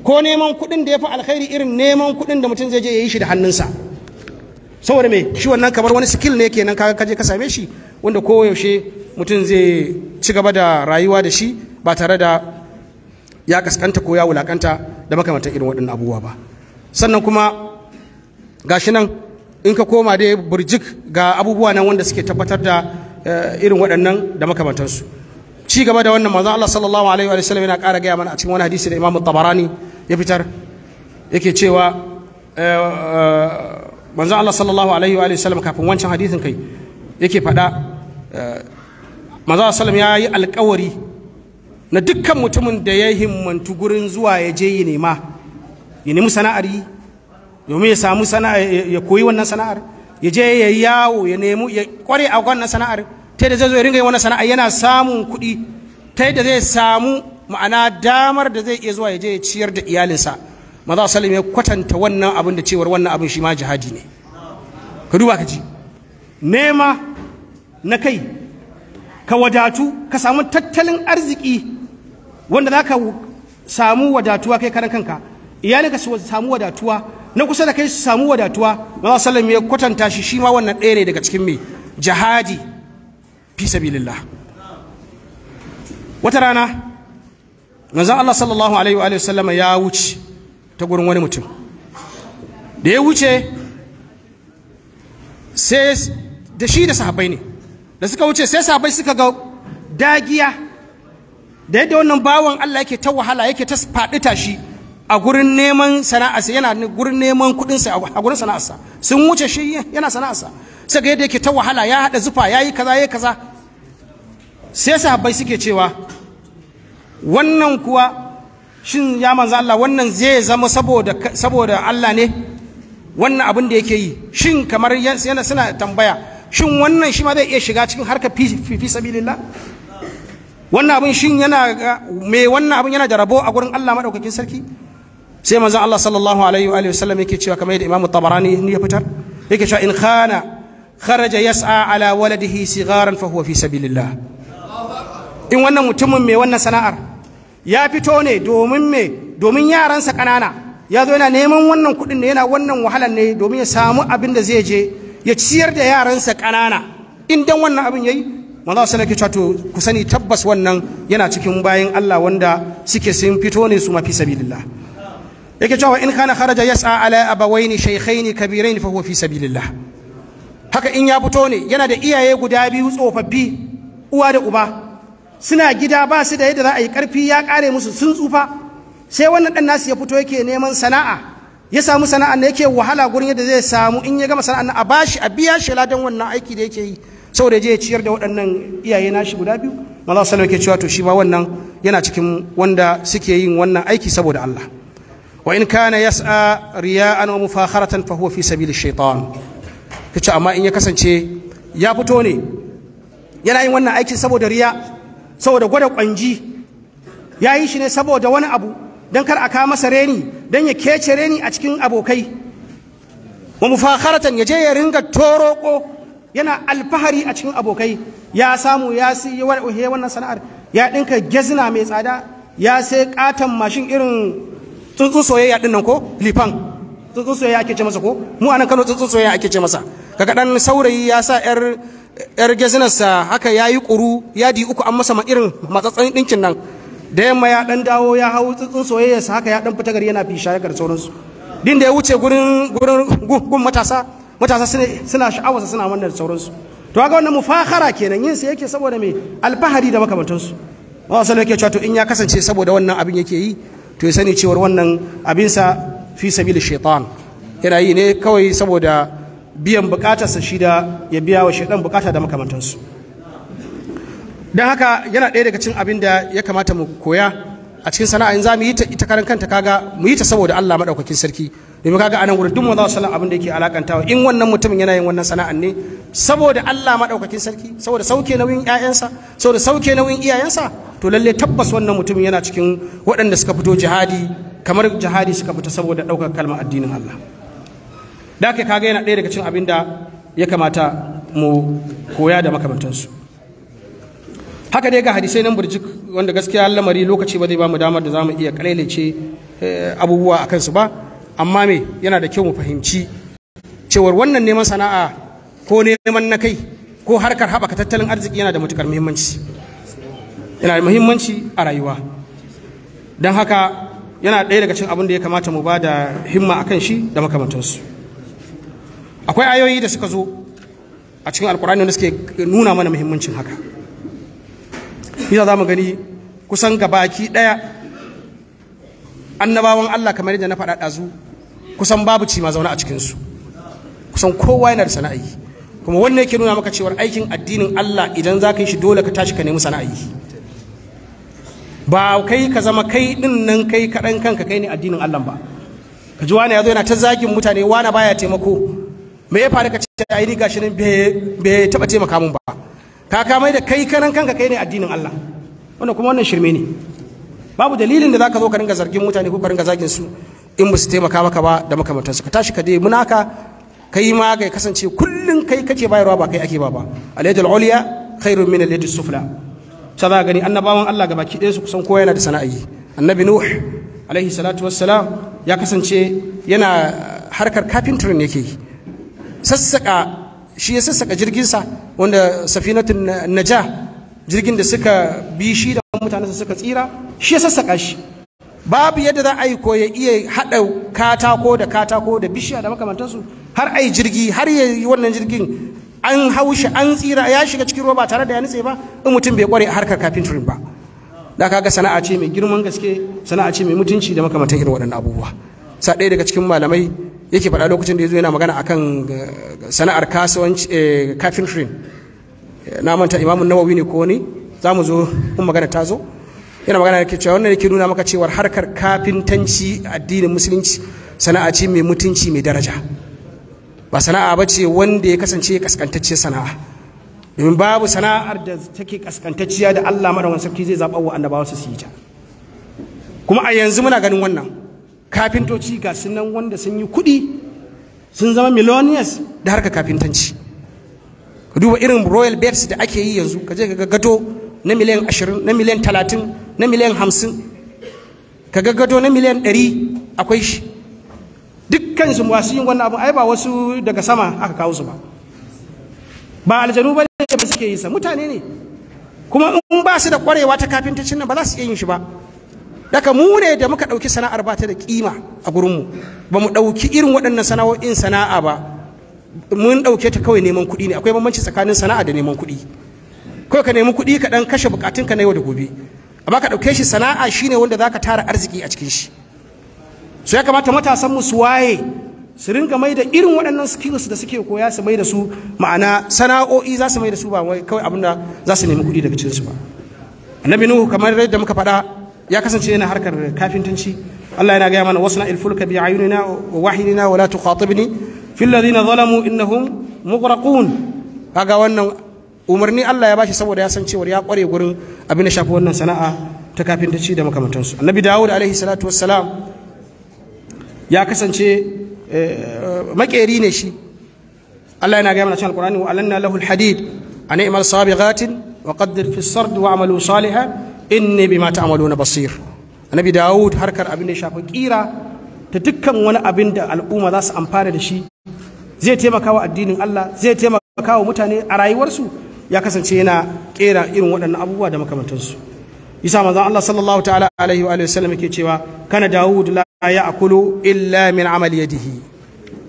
ko neman kuɗin da ya fi alkhairi irin neman kuɗin da mutum zai je ya yi shi da hannunsa saboda me shi wannan kamar wani skill ne kenan kaga kaje ka same shi wanda koyaushe mutum zai ci gaba da rayuwa da shi ba tare da ya kaskanta ko ya wulakanta da makamantar irin waɗannan abubuwa ba sannan kuma gashi nan in ka koma dai burjik ga abubuwa nan wanda suke tabbatar da eh, irin waɗannan da makamantansu ci gaba da wannan manzon Allah sallallahu alaihi wa sallam yana ƙara gaya mana a cikin wani hadisi da Imam Tabarani ya fitar yake cewa eh, eh, manzon Allah sallallahu alaihi wa sallam kafin wancan hadisin kai yake faɗa eh, maza salam ya yi alkawari na dukkan mutumin da ya himmantu gurin zuwa ya je yi nema ya nemi sana'ar yi domin ya samu sana'ar ya koyi wannan sana'ar ya je ya yawo ya nemi ya kware a wannan sana'ar ta yadda zai zo ya ringa yi wannan sana'ar yana samun kuɗi ta yadda zai samu ma'ana damar da zai iya zuwa ya je ya ciyar da iyalinsa maza salim ya kwatanta wannan abin da cewar wannan abin shi ma jihadi ne ka duba ka ji nema na kai ka wadatu ka samu tattalin arziki wanda za ka samu wadatuwa kai karan kanka iyali ka samu wadatuwa na kusa da kai su samu wadatuwa Maza sallam ya kwatanta shi shi ma wannan ɗaya ne daga cikin mai. jihadi fi sabilillah wata rana manzon Allah sallallahu alaihi wa sallama ya wuce ta gurin wani mutum da ya wuce sai da shi da sahabai ne da suka wuce sai sahabai suka ga dagiya da yadda wannan bawan Allah yake ta wahala yake ta faɗi tashi a gurin neman sana'arsa yana gurin neman kuɗinsa a gurin sana'arsa sun wuce shi yana sana'arsa sai ga yadda yake ta wahala ya haɗa zufa ya yi kaza ya yi kaza sai sahabbai suke cewa wannan kuwa shin ya manzo Allah wannan zai zama saboda saboda Allah ne wannan abin da yake yi shin kamar yana suna tambaya shin wannan shi ma zai iya shiga cikin harkar fi sabilillah wannan abin shin yana ga me wannan abin yana da rabo a gurin Allah madaukakin sarki sai manzon Allah sallallahu alaihi wa sallam yake cewa kamar yadda Imam Tabarani ne ya fitar yake cewa in khana kharaja yas'a ala waladihi sigaran fa huwa fi sabilillah in wannan mutumin me wannan sana'ar ya fito ne domin me domin yaransa kanana ya zo yana neman wannan kuɗin ne yana wannan wahalar ne domin ya samu abin da zai je ya ciyar da yaransa ƙanana in dan wannan abin yayi manzo sai nake cewa to ku sani tabbas wannan yana cikin bayin Allah wanda suke sun fito ne su mafi sabilillah yake cewa in kana kharaja yas'a ala abawaini shaykhaini kabirain fa huwa fi sabilillah haka in ya fito ne yana da iyaye guda biyu tsofaffi uwa da uba suna gida ba su da yadda za a yi karfi ya kare musu sun tsufa sai wannan dan nasu ya fito yake neman sana'a ya samu sana'an da yake wahala gurin yadda zai samu in ya gama sana'an a bashi a biya shi ladan wannan aiki da yake yi saboda je ya ciyar da waɗannan iyaye nashi guda biyu maza sallallahu ke cewa to shi ba wannan yana cikin wanda suke yin wannan aiki saboda Allah wa in kana yas'a riya'an wa mufakharatan fa huwa fi sabili shaytan kace amma in ya kasance ya fito ne yana yin wannan aiki saboda riya saboda gwada kwanji ya yi shi ne saboda wani abu don kar a kama masa reni don ya kece reni a cikin abokai wa mufakharatan ya je ya ringa toroko yana alfahari a cikin abokai ya samu ya si wannan sana'ar ya dinka gezina mai tsada ya sai katon mashin irin tsuntsun soyayya din nan ko lifan tsuntsun soyayya ake ce masa ko mu anan Kano tsuntsun soyayya ake ce masa kaga dan saurayi ya sa yar yar gezinarsa haka yayi kuru yadi uku an masa ma irin matsatsan dinkin nan da yamma ya dan dawo ya hau tsitsin sa haka ya dan fita gari yana fisha ya sauransu din da ya wuce gurin gun matasa matasa suna sha'awarsa suna wannan sauransu to kaga wannan mufakhara kenan yin sa yake saboda me alfahari da makamantansu wa sallallahu yake cewa to in ya kasance saboda wannan abin yake yi to ya sani cewar wannan abin sa fi sabili shaitan yana yi ne kawai saboda biyan bukatarsa shi da ya biya wa shaitan bukata da makamantansu don haka yana ɗaya daga cin abin da ya kamata mu koya a cikin sana'a in za mu yi ta ita karan kanta kaga mu yi ta saboda Allah maɗaukakin sarki domin kaga anan wurin duk mu za su san abin da yake alakantawa in wannan mutumin yana yin wannan sana'an ne saboda Allah maɗaukakin sarki saboda sauke nauyin ƴaƴansa saboda sauke nauyin iyayensa to lalle tabbas wannan mutumin yana cikin waɗanda suka fito jihadi kamar jihadi suka fita saboda ɗaukar kalmar addinin Allah da kaga yana ɗaya daga cin abin da ya kamata mu koya da makamantansu haka dai ga hadisai nan burjik wanda gaskiya lamari lokaci ba zai mu damar da zamu iya kalailace eh, abubuwa a kansu ba amma me yana da kyau mu fahimci cewar wannan neman sana'a ko neman na kai ko harkar haɓaka tattalin arziki yana da matukar muhimmanci yana da muhimmanci a rayuwa don haka yana ɗaya daga cin abin da ya kamata mu ba da himma a kan shi da makamantansu akwai ayoyi da suka zo a cikin alkurani wanda suke nuna mana muhimmancin haka yana za mu gani kusan gabaki ɗaya annabawan Allah kamar yadda na faɗaɗa ɗazu kusan babu ci ma zaune a cikinsu kusan kowa yana da sana'ai kuma wannan yake nuna maka cewar aikin addinin Allah idan za ka yi shi dole ka tashi ka nemi sana'ai ba kai ka zama kai din nan kai kaɗan kanka kai ne addinin Allah ba ka ji wani ya zo yana ta zagin mutane wani baya taimako me ya faru ka ce ai ni gashi nan bai taɓa taimaka mun ba ka kamai da kai karan kanka kai ne addinin Allah wanda kuma wannan shirme ne babu dalilin da zaka zo ka ringa zargin mutane ko ka ringa zagin su in ba su taimaka maka ba da makamantansu ka tashi ka dai munaka kai ma ga kasance kullun kai kake bayarwa ba kai ake ba ba al-yadul ulya khairun min al sufla sai za gani annabawan Allah gabaki ɗaya su kusan kowa yana da sana'a annabi nuh alaihi salatu wassalam ya kasance yana harkar kafintirin yake sassaka shi ya sassaka jirginsa wanda safinatun naja jirgin da suka bi shi da mutanen suka tsira shi ya sassaka shi babu yadda za a yi ko ya iya haɗa katako da katako da bishiya da makamantansu har a yi jirgi har ya yi wannan jirgin an hau an tsira ya shiga cikin ruwa ba tare da ya nutse ba in mutum bai kware a harkar kafintirin ba da kaga sana'a ce mai girman gaske sana'a ce mai mutunci da makamantan irin waɗannan abubuwa sa ɗaya daga cikin malamai yake faɗa lokacin da ya zo yana magana akan eh, sana'ar kasuwanci carpentry eh, eh, na manta imamu nawawi ne ko ne za mu zo kun magana ta zo yana magana yake cewa wannan yake nuna maka cewar harkar kafintanci addinin musulunci sana'a ce mai mutunci mai daraja ba sana'a ba ce wanda ya kasance kaskantacce sana'a domin babu sana'ar da take kaskantacciya da Allah madawan sarki zai zaɓa wa annabawa su yi ta kuma a yanzu muna ganin wannan kafintoci ga sunan wanda sun yi kuɗi sun zama millionaires da harka kafintanci ka duba irin royal beds da ake yi yanzu ka je ka gaggato na miliyan ashirin na miliyan talatin na miliyan hamsin ka gaggato na miliyan ɗari akwai shi dukkan su masu yin wannan abu ai ba wasu daga sama aka kawo su ba ba aljanu ba ne suke yi sa mutane ne kuma in ba su da kwarewa ta kafintancin nan ba za su iya yin shi ba daga mu ne da muka ɗauki sana'ar ba ta da kima a gurinmu ba mu ɗauki irin waɗannan sana'o'in sana'a ba mun ɗauke ta kawai neman kuɗi ne akwai bambanci tsakanin sana'a da neman kuɗi kawai ka nemi kuɗi ka ɗan kashe buƙatunka na yau da gobe amma ka ɗauke shi sana'a shine wanda za ka tara arziki a cikin shi so ya kamata matasan mu su waye su ringa mai da irin waɗannan skills da suke koya su mai da su ma'ana sana'o'i za su mai da su ba kawai abin da za su nemi kuɗi daga cikinsu ba annabi nuhu kamar yadda muka faɗa ya kasance yana harkar kafintanci Allah yana gaya mana wasna ilfulka bi ayunina wa wahyina wa la tuqatibni fil ladina zalamu innahum mughraqun kaga wannan umarni Allah ya bashi saboda ya san cewa ya kware gurin abin da shafi wannan sana'a ta kafintanci da makamantansu annabi dawud alaihi salatu wassalam ya kasance eh, makeri ne shi Allah yana gaya mana cikin alqur'ani wa alanna lahu alhadid an imal sabighatin wa qaddir fi sard wa amalu salihan inni bima na basir annabi Da'ud harkar abin da ya shafi kira ta dukkan wani abin da al'umma za su amfana da shi zai taimaka wa addinin Allah zai taimaka wa mutane a rayuwarsu ya kasance yana kera irin waɗannan abubuwa da makamantansu isa manzon Allah sallallahu ta'ala alaihi wa sallam yake cewa kana dawud la ya'kulu illa min amali yadihi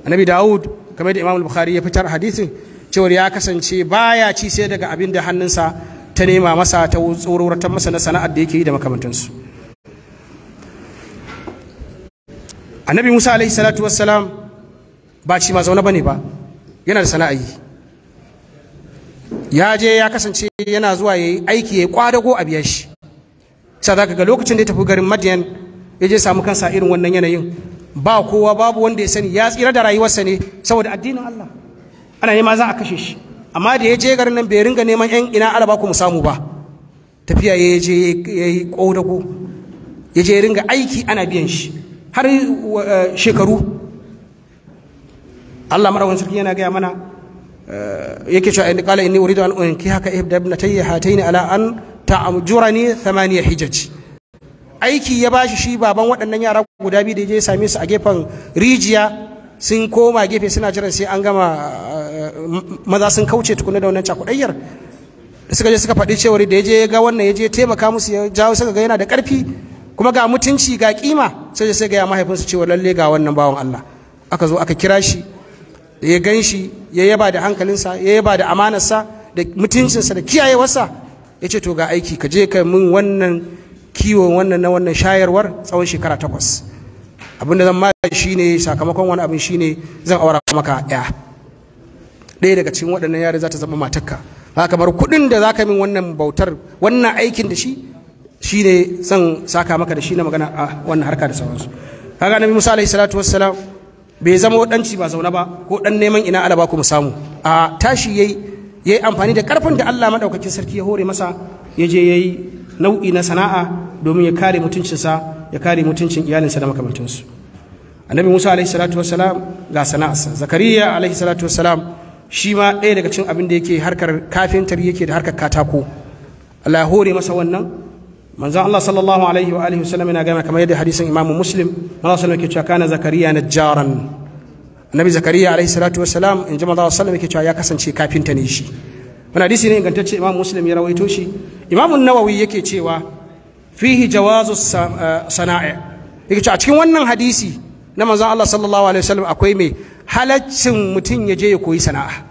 annabi Da'ud kamar da imam al-bukhari ya fitar hadisin cewa ya kasance baya ci sai daga abin da hannunsa ta nema masa ta tsororatar masa na sana'ar da yake yi da makamantansu annabi musa alaihi salatu wassalam ba ci ma zaune bane ba yana da sana'a yi ya je ya kasance yana zuwa ya yi aiki ya kwadago a biya shi sa za ga lokacin da ya tafi garin madiyan ya je samu kansa irin wannan yanayin ba kowa babu wanda ya sani ya tsira da rayuwarsa ne saboda addinin allah ana nema za a kashe shi amma da ya je garin nan bai ringa neman yan ina alaba ku mu samu ba tafiya ya je ya yi kodako ya je ringa aiki ana biyan shi har eh, shekaru Allah marawan sarki yana gaya mana eh, yake cewa in kala inni uridu an unki haka ibda ibnatayya hataini ala an ta'amjurani thamaniya hijaj aiki ya bashi shi baban waɗannan yara guda biyu da ya je same su a gefen rijiya sun koma gefe suna jiran sai an gama eh, maza sun kauce tukuna da wannan cakudayyar da suka je suka faɗi cewar da ya je ga wannan ya je taimaka musu ya jawo suka ga yana da ƙarfi kuma ga mutunci ga kima sai sai ga mahaifinsu cewa lalle ga wannan bawan Allah aka zo aka kira shi ya gan shi ya yaba da hankalinsa ya yaba da amanarsa da mutuncinsa da kiyayewarsa ya ce to ga aiki ka je ka min wannan kiwon wannan na wannan shayarwar tsawon shekara takwas abinda zan ma shine sakamakon wani abin shine zan aura maka ya ɗaya daga cikin waɗannan yare za ta zama matarka ba kamar kuɗin da za ka min wannan bautar wannan aikin da shi shine zan saka maka da shi na magana a wannan harka da sauransu kaga annabi Musa alaihi salatu wassalam bai zama wadanci ba zauna ba ko dan neman ina ala ba ku samu a tashi yayi yayi amfani da karfin da Allah madaukakin sarki ya hore masa ya je yayi nau'i na sana'a domin ya kare mutuncinsa ya kare mutuncin iyalinsa da makamantansu annabi musa alaihi salatu wassalam ga sana'arsa zakariya alaihi salatu wassalam shi ma ɗaya daga cikin abin da yake harkar kafintar yake da harkar katako Allah ya hore masa wannan manzon Allah sallallahu alaihi wa alihi wasallam yana gama kamar yadda hadisin Imam Muslim Allah sallallahu alaihi kana zakariya najjaran Annabi zakariya alaihi salatu wassalam in jama'a Allah sallallahu alaihi wasallam ya kasance kafinta ne shi wannan hadisi ne ingantacce Imam Muslim ya rawaito shi Imam Nawawi yake cewa fihi jawazu eh, sana'a yake cewa a cikin wannan hadisi na manzon Allah sallallahu alaihi wasallam akwai me halaccin mutum ya je ya koyi sana'a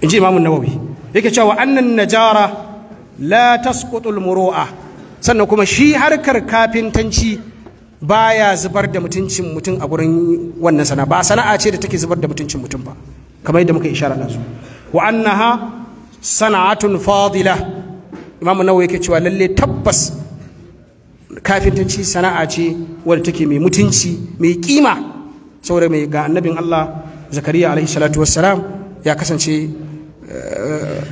inji imamun nawawi yake cewa annan najara la tasqutul muru'a sannan kuma shi harkar kafintanci baya zubar da mutuncin mutum a gurin wannan sana'a ba sana'a ce da take zubar da mutuncin mutum ba kamar yadda muka ishara da su wa annaha sana'atun fadila imamu nawa yake cewa lalle tabbas kafintanci sana'a ce wadda take mai mutunci mai kima saboda mai ga annabin Allah zakariya alaihi salatu wassalam ya kasance eh,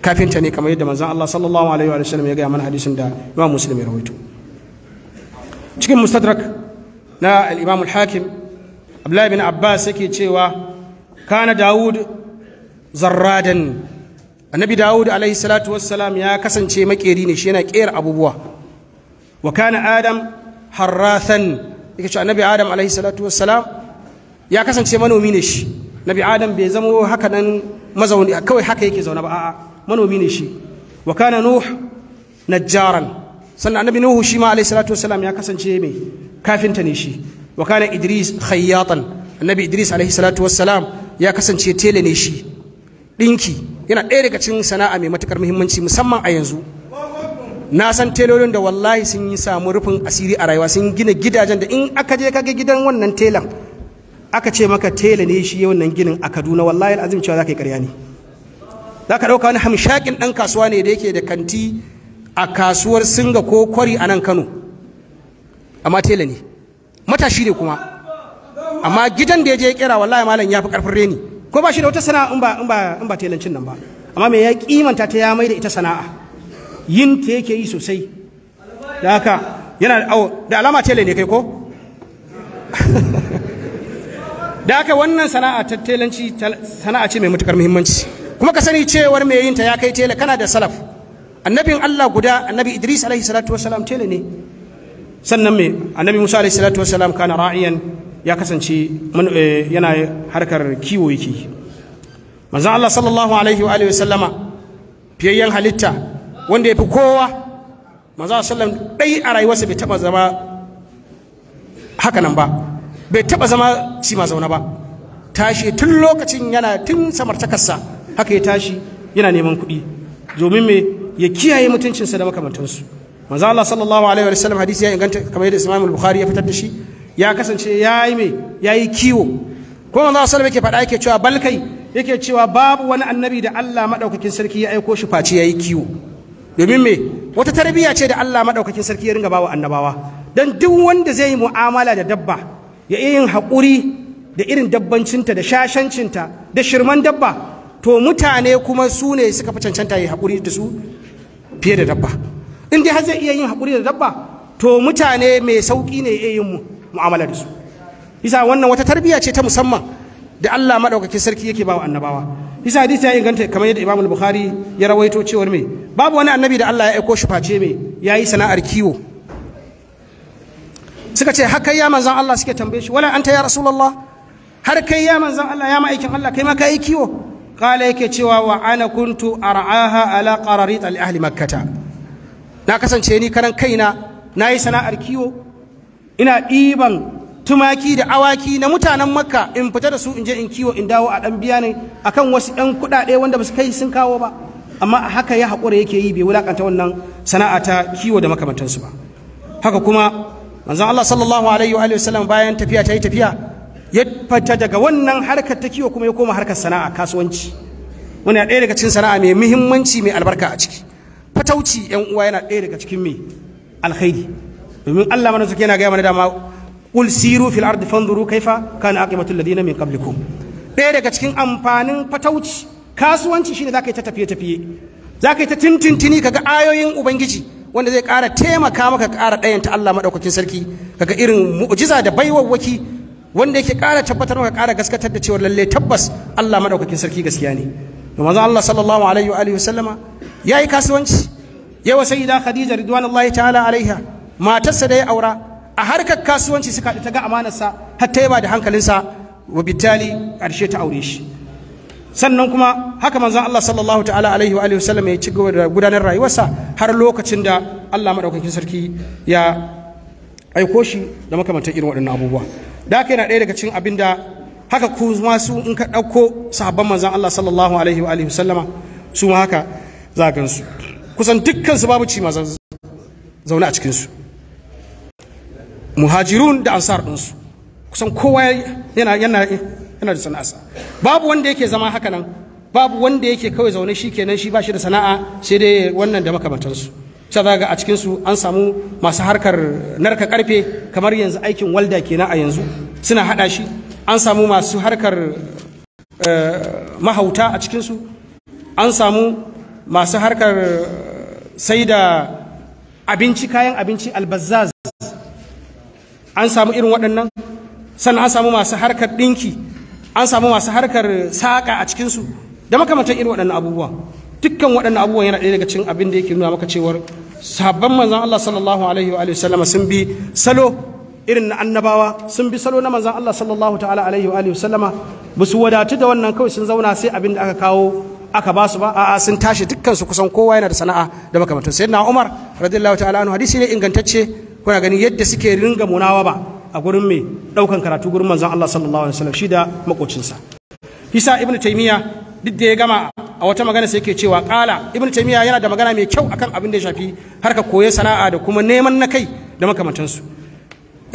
kafinta ne kamar yadda manzan Allah sallallahu alaihi wa sallam ya gaya mana hadisin da imamu muslim ya rawaito cikin mustadrak na al-imam al-hakim abdullahi bin abbas yake cewa kana daud zarradan annabi dawud alaihi salatu wassalam ya kasance makeri ne shi yana kera abubuwa wa kana adam harrathan yake cewa annabi adam alaihi salatu wassalam ya kasance manomi ne shi nabi adam bai zamo haka nan mazauni kawai haka yake zaune ba a'a manomi ne shi wa kana nuh najjaran sannan annabi nuhu shi ma alaihi salatu wassalam ya kasance mai kafinta ne shi wa kana idris khayyatan annabi idris alaihi salatu wassalam ya kasance tele ne shi dinki yana ɗaya daga cikin sana'a mai matukar muhimmanci musamman a yanzu na san telolin da wallahi sun yi samu rufin asiri a rayuwa sun gina gidajen da in aka je kage gidan wannan telan aka ce maka tela ne shi wannan ginin a Kaduna wallahi alazim cewa za ka yi ƙarya ne ka dauka wani hamshakin ɗan kasuwa ne da yake da kanti a kasuwar Singa ko Kwari a nan Kano amma tela ne matashi ne kuma amma gidan da ya je kira wallahi malam ya fi karfin reni ko ba shi da wata sana'a in ba in ba in ba telancin nan ba amma me ya kimanta ta ya maida ita sana'a yin ta yake yi sosai da haka yana da alama tele ne kai ko da haka wannan sana'a ta telanci sana'a ce mai matukar muhimmanci kuma ka sani cewar mai yin ta ya kai tele kana da salaf annabin Allah guda annabi Idris alaihi salatu wassalam tele ne sannan me annabi Musa alaihi salatu wassalam kana ra'iyan ya kasance eh, yana harkar kiwo yake manzon Allah sallallahu alaihi wa alihi sallama fiyayyen halitta wanda ya fi kowa Allah sallam ɗai a rayuwarsa bai taba zama haka nan ba bai taba zama ma zauna ba tashi tun lokacin yana tun samartakarsa haka ya tashi yana neman kuɗi domin me ya kiyaye mutuncinsa da makamantansu manzo Allah sallallahu alaihi wa sallam hadisi ya inganta kamar yadda Isma'il Bukhari ya fitar da shi ya kasance ya yi mai ya yi kiwo ko manzo sallallahu yake faɗa yake cewa balkai yake cewa babu wani annabi da Allah maɗaukakin sarki ya aiko shi face ya yi kiwo domin me wata tarbiyya ce da Allah maɗaukakin sarki ya ringa bawa annabawa Don duk wanda zai yi mu'amala da dabba ya iya yin haƙuri da irin dabbancinta da shashancinta da shirman dabba to mutane kuma su ne suka fi cancanta yi haƙuri da su fiye da dabba in dai har zai iya yin haƙuri da dabba to mutane mai sauƙi ne ya yin mu mu'amala da su isa wannan wata tarbiyya ce ta musamman da Allah madaukakin sarki yake bawa annabawa isa hadisi ya inganta kamar yadda Imam Bukhari ya rawaito cewar me babu wani annabi da Allah ya aiko shi face me yayi sana'ar kiwo suka ce haka ya manzon Allah suke tambaye shi wala anta ya rasulullah har kai ya manzon Allah ya ma'aikin Allah kai ma kai kiwo kala yake cewa wa ana kuntu ar'aha ala qararit al ahli makkata na kasance ni karan kaina nayi sana'ar kiwo ina ɗiban tumaki da awaki na mutanen makka in fita da su in je in kiwo in dawo a ɗan biya ne kan wasu yan kuɗaɗe wanda ba su kai sun kawo ba amma a haka ya haƙura yake yi bai wulaƙanta wannan sana'a ta kiwo da makamantansu ba haka kuma manzon Allah sallallahu alaihi wa sallam bayan tafiya ta yi tafiya ya fita daga wannan harkar ta kiwo kuma ya koma harkar sana'a kasuwanci wani ɗaya daga cikin sana'a mai muhimmanci mai albarka a ciki fatauci yan uwa yana ɗaya daga cikin mai alkhairi domin Allah mana suke yana gaya mana dama qul siru fil ardi fanzuru kaifa kana aqibatul ladina min qablikum ɗaya daga cikin amfanin fatauci kasuwanci shine zaka yi ta tafiye tafiye zaka yi ta tintintini kaga ayoyin ubangiji wanda zai ƙara taimaka maka ƙara ta Allah maɗaukakin sarki kaga irin mu'jiza da baiwawwaki wanda yake ƙara tabbatar maka ƙara gaskatar da cewa lalle tabbas Allah maɗaukakin sarki gaskiya ne domin Allah sallallahu alaihi wa alihi yayi kasuwanci yawa sayyida Khadija ridwanullahi ta'ala alaiha matarsa da ya aura a harkar kasuwanci suka ta ga amanarsa har ta yaba da hankalinsa wa bitali ƙarshe ta aure shi sannan kuma haka manzon Allah sallallahu ta'ala alaihi wa alihi wasallam ya ci gaba da gudanar rayuwarsa har lokacin da Allah madaukakin sarki ya aiko shi da makamantar irin waɗannan abubuwa da haka yana ɗaya daga cikin abinda haka ku su in ka ɗauko sahabban manzon Allah sallallahu alaihi wa alihi wasallama su ma haka za su kusan dukkan su babu ci ma zaune a cikinsu muhajirun da ansar ɗinsu kusan kowa yana da sana'arsa babu wanda yake zama haka nan babu wanda yake kawai zaune shi kenan shi ba shi da sana'a sai dai wannan da makamantansu sai za ga a cikinsu an samu masu harkar narka karfe kamar yanzu aikin walda kenan a yanzu suna haɗa shi an samu masu harkar eh, mahauta a cikinsu an samu masu harkar eh, sai da abinci kayan abinci albazaz an samu irin waɗannan sannan an samu masu harkar ɗinki an samu masu harkar saƙa a cikinsu da makamantar irin waɗannan abubuwa dukkan waɗannan abubuwan yana ɗaya daga cikin abin da yake nuna maka cewar sabon manzan Allah sallallahu alaihi wa sallama sun bi salo irin na annabawa sun bi salo na manzan Allah sallallahu ta'ala alaihi wa sallama ba su wadatu da wannan kawai sun zauna sai abin da aka kawo aka ba su ba a'a sun tashi dukkan su kusan kowa yana da sana'a da makamantar sayyidina Umar radiyallahu ta'ala anhu hadisi ne ingantacce kuna gani yadda suke ringa munawa ba a gurin mai daukan karatu gurin manzon Allah sallallahu alaihi wasallam shi da makocinsa Isa ibn Taymiya duk da ya gama a wata magana sai yake cewa kala ibn Taymiya yana da magana mai kyau akan abin da ya shafi harka koyon sana'a da kuma neman na kai da makamantansu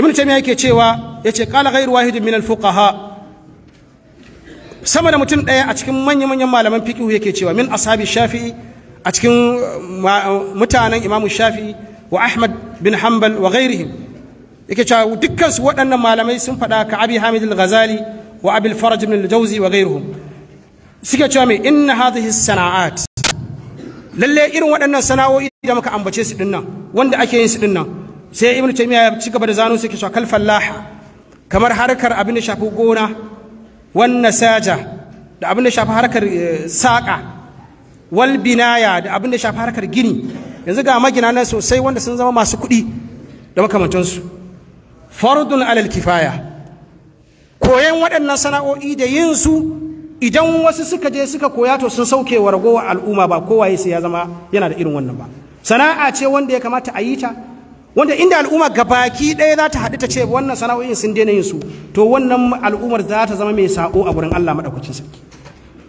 ibn Taymiya yake cewa yace kala ghairu wahidin min al-fuqaha sama da mutum ɗaya a cikin manya manyan malaman fiqh yake cewa min asabi shafi'i a cikin mutanen imamu shafi'i wa Ahmad bin Hanbal wa ghairihim yake cewa dukkan su waɗannan malamai sun faɗa ka Abi Hamid al-Ghazali wa Abi al-Faraj ibn al-Jawzi wa ghairihim suke cewa me inna hadhihi sana'at lalle irin waɗannan sana'o'i da muka ambace su dinnan wanda ake yin su dinnan sai Ibn Taymiyyah ya ci gaba da zano suke cewa kal fallaha kamar harkar abin da shafi gona wannan saja da abin da shafi harkar eh, saƙa wal binaya da abin da shafi harkar gini yanzu ga magina nan sosai wanda sun zama masu kuɗi da makamantansu fardun alal kifaya koyan waɗannan sana'o'i da yin su idan wasu suka je suka koya to sun sauke wa ragowa al'umma ba kowa sai ya zama yana da irin wannan ba sana'a ce wanda ya kamata a yi ta wanda inda al'umma baki ɗaya za ta haɗu ta ce wannan sana'o'in sun daina yin su to wannan al'ummar za ta zama mai sako a gurin Allah maɗaukacin sarki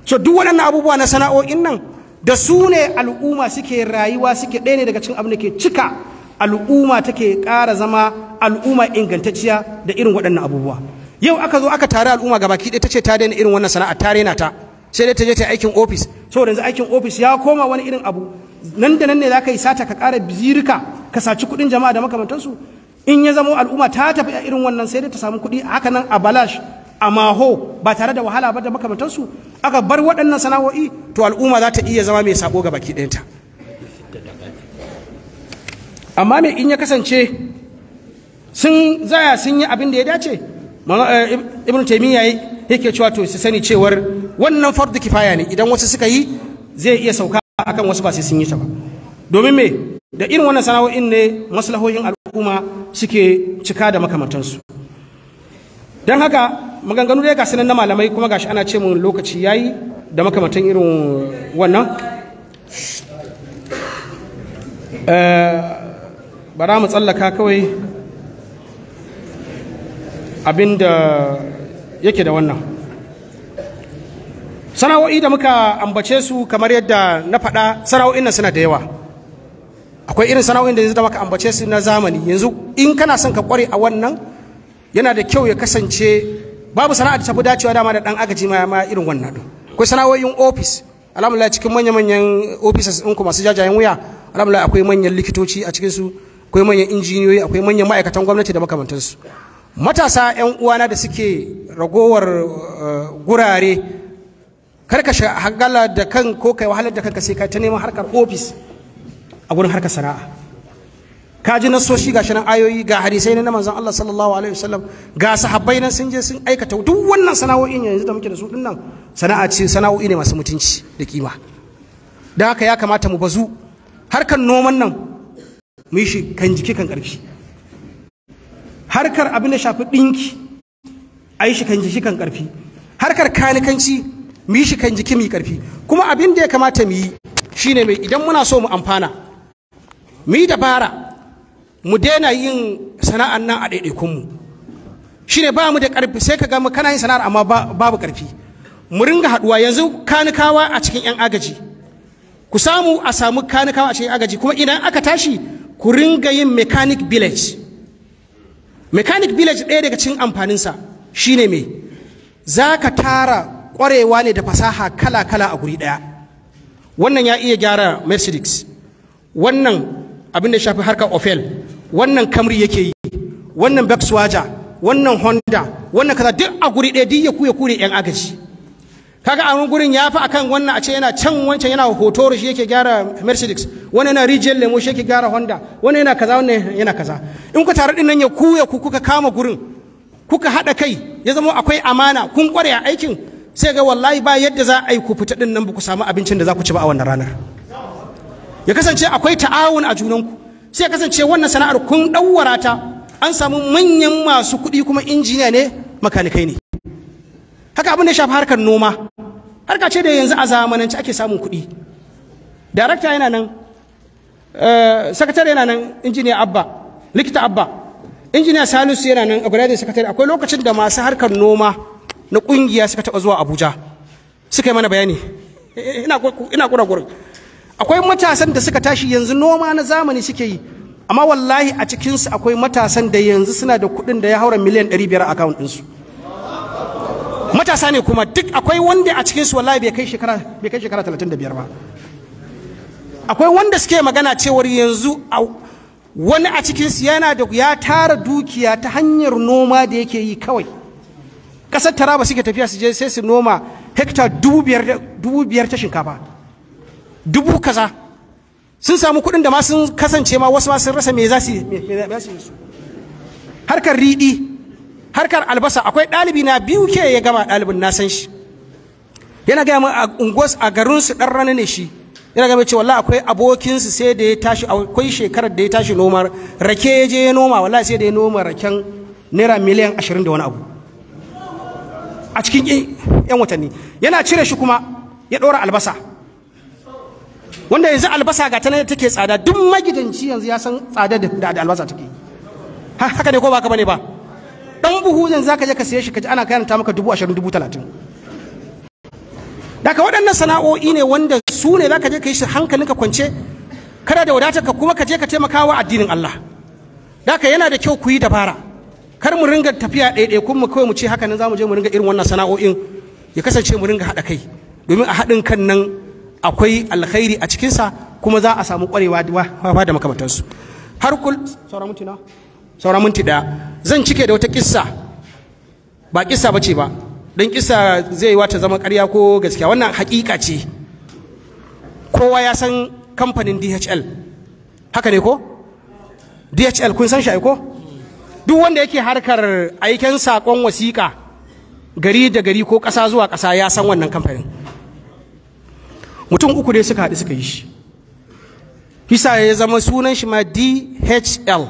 so duk waɗannan abubuwa na sana'o'in nan da su ne al'umma suke rayuwa suke ɗaya ne daga cikin abin da ke cika al'umma take ƙara zama al'umma ingantacciya da irin waɗannan abubuwa yau aka zo aka tare al'umma gaba ki ta ce ta daina irin wannan sana'a ta rena ta sai dai ta je ta aikin ofis saboda yanzu aikin ofis ya koma wani irin abu nan da nan ne za ka yi sata ka ƙara bizirika ka saci kuɗin jama'a da makamantansu in ya zamo al'umma ta tafi a irin wannan sai dai ta samu kuɗi haka nan a balash a maho ba tare da wahala ba da makamantansu aka bar waɗannan sana'o'i to al'umma za ta iya zama mai sako ga baki ɗayanta amma mai in ya kasance sun zaya sun yi abin da ya dace eh, ibn taimiyya yake cewa to su sani cewar wannan fardu kifaya ne idan wasu suka yi zai iya sauka akan wasu ba sai sun yi ta ba domin me da irin wannan sana'o'in ne maslahohin al'umma suke cika da makamantansu don haka maganganu dai ga sanan na malamai kuma gashi ana ce mun lokaci yayi da makamantan irin wannan eh, bara mu tsallaka kawai abinda yake da wannan sana'o'i da muka ambace su kamar yadda na faɗa sana'o'in nan suna da yawa akwai irin sana'o'in da yanzu da muka ambace su na zamani yanzu in kana son ka kware a wannan yana da kyau ya kasance babu sana'a da tafi dacewa dama da dan agaji ma ma irin wannan din akwai sana'o'in office alhamdulillah cikin manya-manyan offices ku masu jajayen wuya alhamdulillah akwai manyan likitoci a cikin su akwai manyan injiniyoyi akwai manyan ma'aikatan gwamnati da makamantansu matasa 'yan uwana da suke ragowar eh, gurare karka shagala da kan ko kai wahalar da kanka sai ka ta neman harkar ofis a gurin harkar sana'a ka ji nasoshi ga shirin ayoyi ga hadisai na manzon Allah sallallahu alaihi wasallam ga sahabbai nan sun je sun aikata duk wannan sana'o'in yanzu da muke da su din nan sana'a ce sana'o'i ne masu mutunci da kima don haka ya kamata mu bazu harkar noman nan mu yi shi kan jiki kan ƙarfi harkar abin da shafi ɗinki a yi shi kan jiki kan ƙarfi harkar kanikanci mu yi shi kan jiki mai ƙarfi kuma abin da ya kamata mu yi shine mai idan muna so mu amfana mu yi dabara mu daina yin sana'an nan a ɗaiɗaikunmu shi ne ba mu da ƙarfi sai ka gama kana yin sana'ar amma babu ƙarfi mu ringa haɗuwa yanzu kanikawa a cikin 'yan agaji ku samu a samu kanikawa a cikin agaji kuma idan aka tashi ku ringa yin mechanic village mechanic village ɗaya daga cikin amfaninsa ne mai za ka tara ƙwarewa ne da fasaha kala-kala a guri ɗaya wannan ya iya gyara mercedes wannan abin da shafi harkar ofel wannan kamri yake yi wannan bakswaja wannan honda wannan kaza duk a guri ɗaya duk ya kuya kure yan agaji kaga a wani gurin ya fi akan wannan a ce yana can wancan yana hoto shi yake gyara mercedes wani yana rijiyar lemo shi yake gyara honda wani yana kaza wani yana kaza in ku tare din nan ya kuya ku kuka kama gurin kuka haɗa kai ya zama akwai amana kun kware a aikin sai ga wallahi ba yadda za a yi ku fita din nan ba ku samu abincin da za ku ci ba a wannan ranar ya kasance akwai ta'awun a junanku sai kasance wannan sana'ar kun ɗauwara ta an samu manyan masu kuɗi kuma injiniya ne makanikai ne haka abin da ya shafi harkar noma harka ce da yanzu a zamanance ake samun kuɗi darakta yana nan sakatare yana nan injiniya abba likita abba injiniya salisu yana nan a gudanar sakatare akwai lokacin da masu harkar noma na ƙungiya suka taɓa zuwa abuja suka yi mana bayani ina kura akwai matasan da suka tashi yanzu noma na zamani suke yi amma wallahi a cikinsu akwai matasan da yanzu suna da kuɗin da ya haura miliyan 500 a akawun ɗinsu matasa ne kuma duk akwai wanda a cikinsu wallahi bai kai shekara 35 ba akwai wanda suke magana cewar yanzu a wani a cikinsu yana da ya tara dukiya ta hanyar noma da yake yi kawai ƙasar taraba suke tafiya su je sai su noma hekta dubu biyar ta shinkafa dubu kaza sun samu kuɗin da ma sun kasance ma wasu ma sun rasa me za su yi su harkar riɗi harkar albasa akwai ɗalibi na biyu ke ya gama ɗalibin na san shi yana gaya min a unguwas a garin su ɗan rana ne shi yana gaya cewa wallahi akwai abokin su sai da ya tashi akwai shekarar da ya tashi noma rake ya je ya noma wallahi sai da ya noma raken naira miliyan ashirin da wani abu a cikin yan watanni yana cire shi kuma ya ɗora albasa wanda yanzu albasa ga tana take tsada duk magidanci yanzu ya san tsada da albasa take haka ne ko ba ka bane ba dan buhu yanzu zaka je ka siye shi kaji ana karanta maka dubu ashirin dubu talatin daga waɗannan sana'o'i ne wanda su ne zaka je ka yi shi ka kwance kada da wadata ka kuma ka je ka taimakawa addinin Allah daka yana da kyau ku yi dabara kar mu ringa tafiya ɗaiɗai kun mu kawai mu ce haka nan za mu je mu ringa irin wannan sana'o'in ya kasance mu ringa haɗa kai domin a haɗin kan nan akwai alkhairi a cikinsa kuma za a samu kwarewa da makamantansu har kul sauran minti zan cike da wata kisa ba kissa ce ba don kissa zai wata zama karya ko gaskiya wannan hakika ce kowa ya san kamfanin DHL haka ne ko DHL kun san shi ko duk wanda yake harkar aiken saƙon wasiƙa gari da gari ko ƙasa zuwa ƙasa ya san wannan kamfanin mutum uku ne suka haɗu suka yi shi hisa ya zama sunan shi ma dhl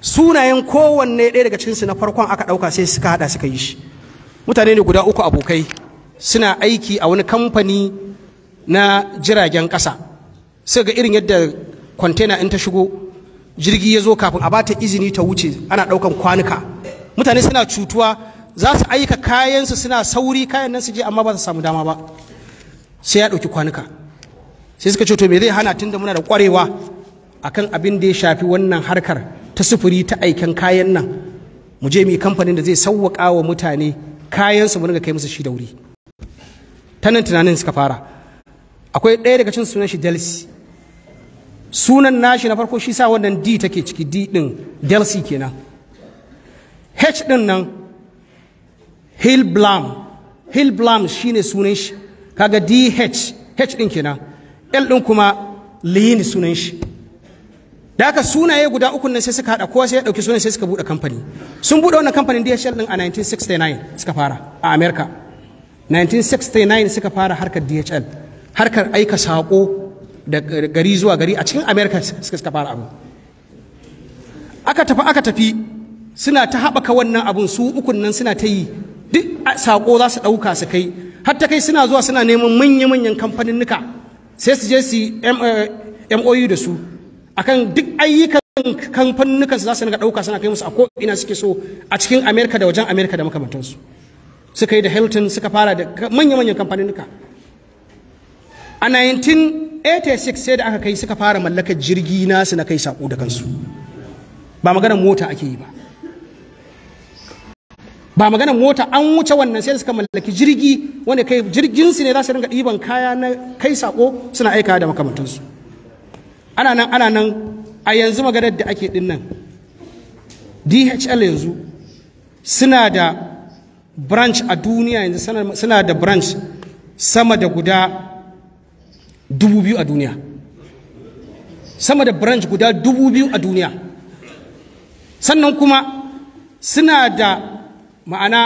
sunayen kowanne ɗaya daga cikinsu na farkon aka ɗauka sai suka haɗa suka yi shi mutane ne guda uku abokai suna aiki a wani kamfani na jiragen ƙasa sai ga irin yadda kwantena in ta shigo jirgi ya zo kafin a bata izini ta wuce ana ɗaukan kwanuka mutane suna cutuwa za su aika kayansu suna sauri kayan nan su je amma ba su samu dama ba sai ya ɗauki kwanuka sai suka ce to me zai hana tun da muna da ƙwarewa kan abin da ya shafi wannan harkar ta sufuri ta aikin kayan nan mu je mu kamfanin da zai sauwaƙa wa mutane kayansu su mu ringa kai musu shi da wuri ta nan tunanin suka fara akwai ɗaya daga cin sunan shi delsi sunan nashi na farko shi sa wannan d take ciki d din delsi kenan h din nan hill hill blam shine sunan shi kaga dh h din kenan l din kuma liyini sunan shi da aka sunaye guda uku nan sai suka hada kowa sai ya dauki sunan sai suka bude kamfani sun bude wannan kamfanin DHL din a 1969 suka fara a America 1969 suka fara harkar DHL harkar aika sako da gari zuwa gari a cikin America suka fara abu aka tafi aka tafi suna ta haɓaka wannan abun su ukun nan suna ta yi duk sako za su ɗauka su kai har ta kai suna zuwa suna neman manya-manyan nuka. sai su je su MOU eh, da su akan duk ayyukan nuka su za su naga ɗauka suna kai musu a ko'ina suke so a cikin Amerika da wajen Amerika da makamantansu suka yi da Hilton suka fara da manya-manyan nuka. a 1986 sai da aka kai suka fara mallakar jirgi nasu na kai saƙo da kansu ba maganar mota ake yi ba ba magana mota an wuce wannan sai suka mallaki jirgi wanda kai jirgin su ne za su ringa ɗiban kaya na kai sako suna aika da makamantansu ana nan ana nan a yanzu maganar da ake din nan DHL yanzu suna da branch a duniya yanzu suna da branch sama da guda dubu biyu a duniya sama da branch guda dubu biyu a duniya sannan kuma suna da ma'ana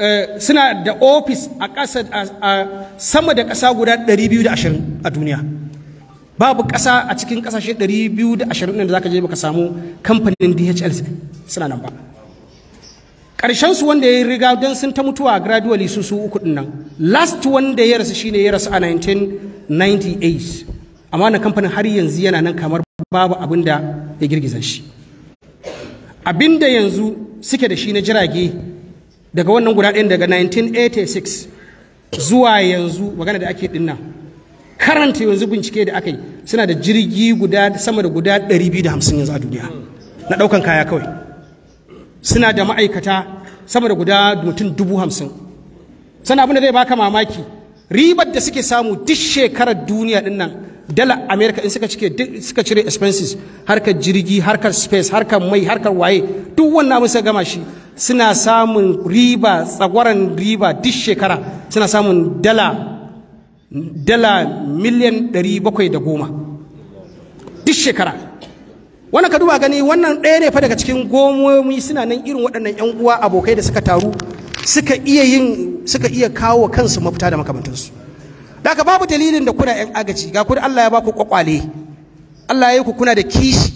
eh, suna da ofis a ƙasa a sama da ƙasa guda 220 a duniya babu ƙasa a cikin ƙasashe 220 ɗin da ka je baka samu kamfanin DHL suna nan ba ƙarshen su wanda ya yi riga don sun ta mutuwa gradually su su uku dinnan nan last wanda ya rasu shine ya rasu a 1998 amma na kamfanin har yanzu yana nan kamar babu abin da ya girgiza shi abinda yanzu suke da shi na jirage daga wannan guda ɗayan daga 1986 zuwa yanzu magana da ake dinna karanta yanzu bincike da aka yi suna da jirgi guda sama da guda 250 yanzu a duniya na ɗaukan kaya kawai suna da ma'aikata sama da guda mutum dubu hamsin sana abin da zai baka mamaki ribar da suke samu duk shekarar duniya nan. dala america in suka cire expenses harkar jirgi harkar space harkar mai harkar waye duk wannan abin suka gama shi suna samun riba tsagwaran riba duk shekara suna samun dala dala miliyan goma duk shekara wannan ka duba gani wannan ɗaya ne fa daga cikin gomomi suna nan irin waɗannan 'yan uwa abokai da suka taru suka iya suka iya kawo kansu mafita da makamantansu daga babu dalilin da kuna yan agaji ga kuna Allah ya baku kwakwale Allah ya yi ku kuna da kishi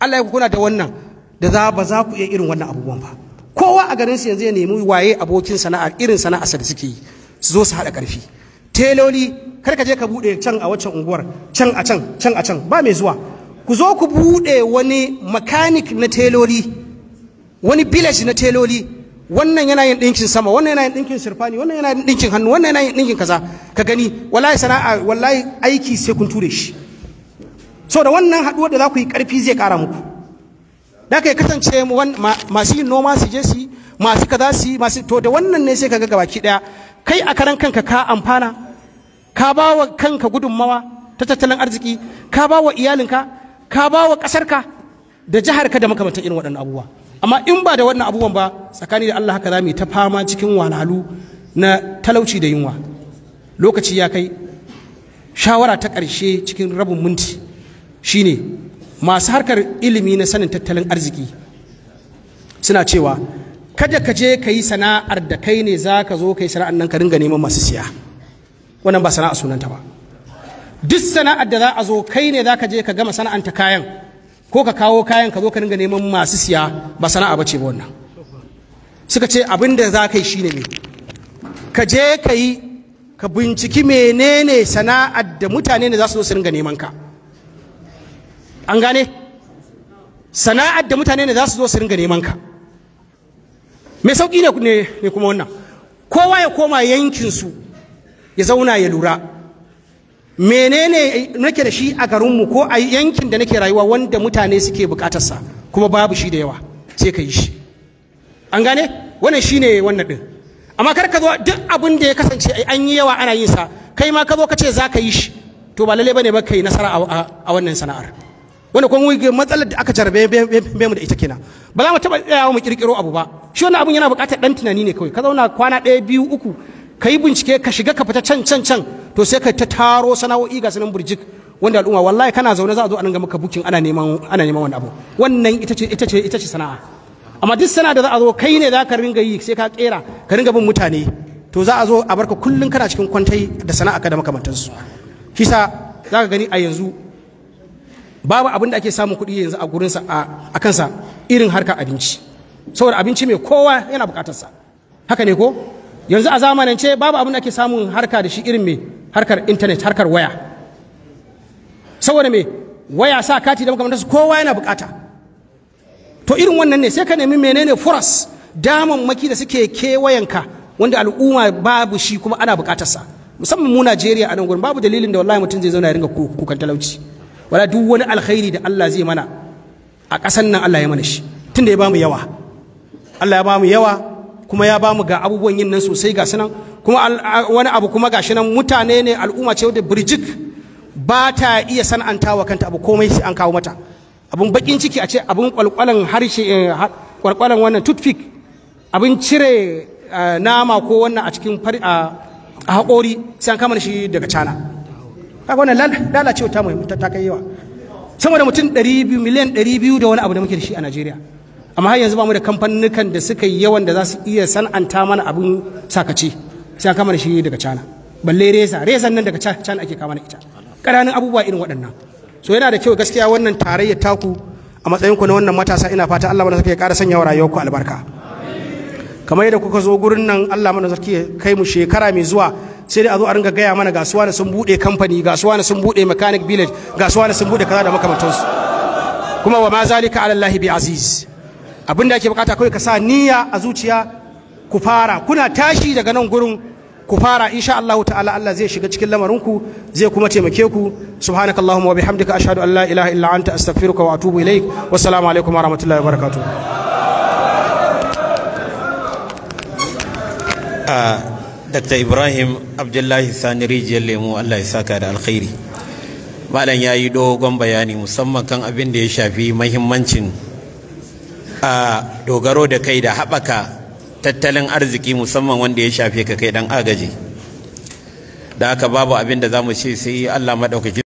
Allah ya ku kuna da wannan da za ba za ku iya irin wannan abubuwan ba kowa a garin su yanzu ya nemi waye abokin sana'a irin sana'a da suke yi su zo su haɗa ƙarfi teloli kar ka je ka buɗe can a waccan unguwar can a can can a can ba mai zuwa ku zo ku buɗe wani makanik na teloli wani village na teloli wannan yana yin ɗinkin sama wannan yana yin ɗinkin sirfani wannan yana yin ɗinkin hannu wannan yana yin ɗinkin kaza ka gani wallahi sana'a wallahi aiki sai kun ture shi so da wannan haɗuwar da za ku yi ƙarfi zai ƙara muku da ka kasance masu yin noma su je su masu kaza su masu to da wannan ne sai ka ga gabaki ɗaya kai a karan kanka ka amfana ka ba wa kanka gudunmawa ta tattalin arziki ka ba wa iyalinka ka ba wa ƙasarka da jiharka da makamantan irin waɗannan abubuwa amma in ba da wannan abubuwan ba tsakani da Allah haka za mu ta fama cikin walalu na talauci da yunwa lokaci ya kai shawara ta ƙarshe cikin rabin minti shine masu harkar ilimi na sanin tattalin arziki suna cewa kada ka je ka yi sana'ar da kai ne za ka zo ka yi sana'ar nan ka ringa neman masu siya wannan ba sana'a sunanta ba duk sana'ar da za a zo kai ne za ka je ka gama sana'anta kayan ko ka kawo kayan ka zo ka dinga neman masu siya ba sana'a ba ce ba wannan suka ce abin da za ka yi shine ne ka je ka yi ka binciki menene sana'ar da mutane ne za su zo su dinga neman ka an gane sana'ar da mutane ne za su zo su dinga neman ka mai sauƙi ne kuma wannan kowa ya koma yankinsu ya zauna ya lura menene nake da shi a garinmu ko a yankin da nake rayuwa wanda mutane suke bukatarsa kuma babu shi da yawa sai ka yi shi an gane wannan ne wannan din amma kar ka zo duk abin da ya kasance an yi yawa ana yin sa kai ma ka zo ka ce za ka yi shi to ba lalle bane ba kai nasara a wannan sana'ar wanda kuma matsalar da aka jarabe be mu da ita kenan ba za mu taba tsayawa mu kirkiro abu ba shi wannan abun yana bukatar dan tunani ne kawai ka zauna kwana ɗaya biyu uku ka yi bincike ka shiga ka fita can can can to sai ka ta taro sana'o'i ga sanan burjik wanda al'umma wallahi kana zaune za a zo a dinga maka bukin ana neman ana neman wani abu wannan ita ce ita ce ita ce sana'a amma duk sana'a da za a zo kai ne za ka ringa yi sai ka kera ka ringa bin mutane to za a zo a barka kullun kana cikin kwantai da sana'a ka da makamantansu kisa za ka gani a yanzu babu abin da ake samun kuɗi yanzu a gurinsa a kansa irin harkar abinci saboda abinci mai kowa yana bukatarsa haka ne ko yanzu a zamanance babu abin da ake samun harka da shi irin mai harkar intanet harkar waya saboda mai waya sa kati da makamantarsu kowa yana bukata to irin wannan ne sai ka nemi menene furas maki da suke kewayenka wanda al'umma babu shi kuma ana bukatarsa musamman mu Najeriya a nan gurin babu dalilin da wallahi mutum zai zauna ya ringa kukan talauci wala duk wani alkhairi da Allah zai mana a ƙasan nan Allah ya mana shi tunda ya bamu yawa Allah ya bamu yawa kuma ya bamu ga abubuwan yin nan sosai ga sunan kuma wani abu kuma ga nan mutane ne al'umma ce wadda birjik ba ta iya wa kanta abu komai sai an kawo mata abun bakin ciki a ce abun kwalkwalan harshe kwalkwalan eh, wannan tutfik abin cire eh, nama ko wannan a cikin haƙori sai an kama shi daga cana kaga wannan lalacewa ta mai ta kai yawa sama da mutum 200 miliyan 200 da wani abu da muke da shi a Najeriya amma har yanzu ba mu da kamfanin da suka yi yawan da za su iya san'anta mana abin sakaci sai kama da shi daga cana balle resa resan nan daga cana ake kama na ita ƙananan abubuwa irin waɗannan so yana da kyau gaskiya wannan tarayyar taku a matsayinku na wannan matasa ina fata Allah mana sarki ya ƙara sanya wa rayuwarku albarka kamar yadda kuka zo gurin nan Allah mana sarki ya kai mu shekara mai zuwa sai dai a zo a ringa gaya mana gasuwa na sun buɗe kamfani gasuwa na sun buɗe mechanic village gasuwa na sun buɗe kaza da makamantansu kuma wa ma zalika ala Allah bi aziz abinda ake bukata kawai ka sa niyya a zuciya ku fara kuna tashi daga nan gurin ku fara insha Allah ta'ala Allah zai shiga cikin lamarinku zai kuma taimake ku subhanakallahumma wa bihamdika ashhadu an la ilaha illa anta astaghfiruka wa atubu ilaik wassalamu alaikum wa rahmatullahi wa barakatuh ah, Dr. Ibrahim Abdullahi Sani Rijiyar Lemo Allah ya saka da alkhairi. Malam ya yi dogon bayani musamman kan abin da ya shafi mahimmancin a dogaro da kai da haɓaka tattalin arziki musamman wanda ya shafe ka kai dan agaji da haka babu abin da za mu ce sai Allah maɗaukaki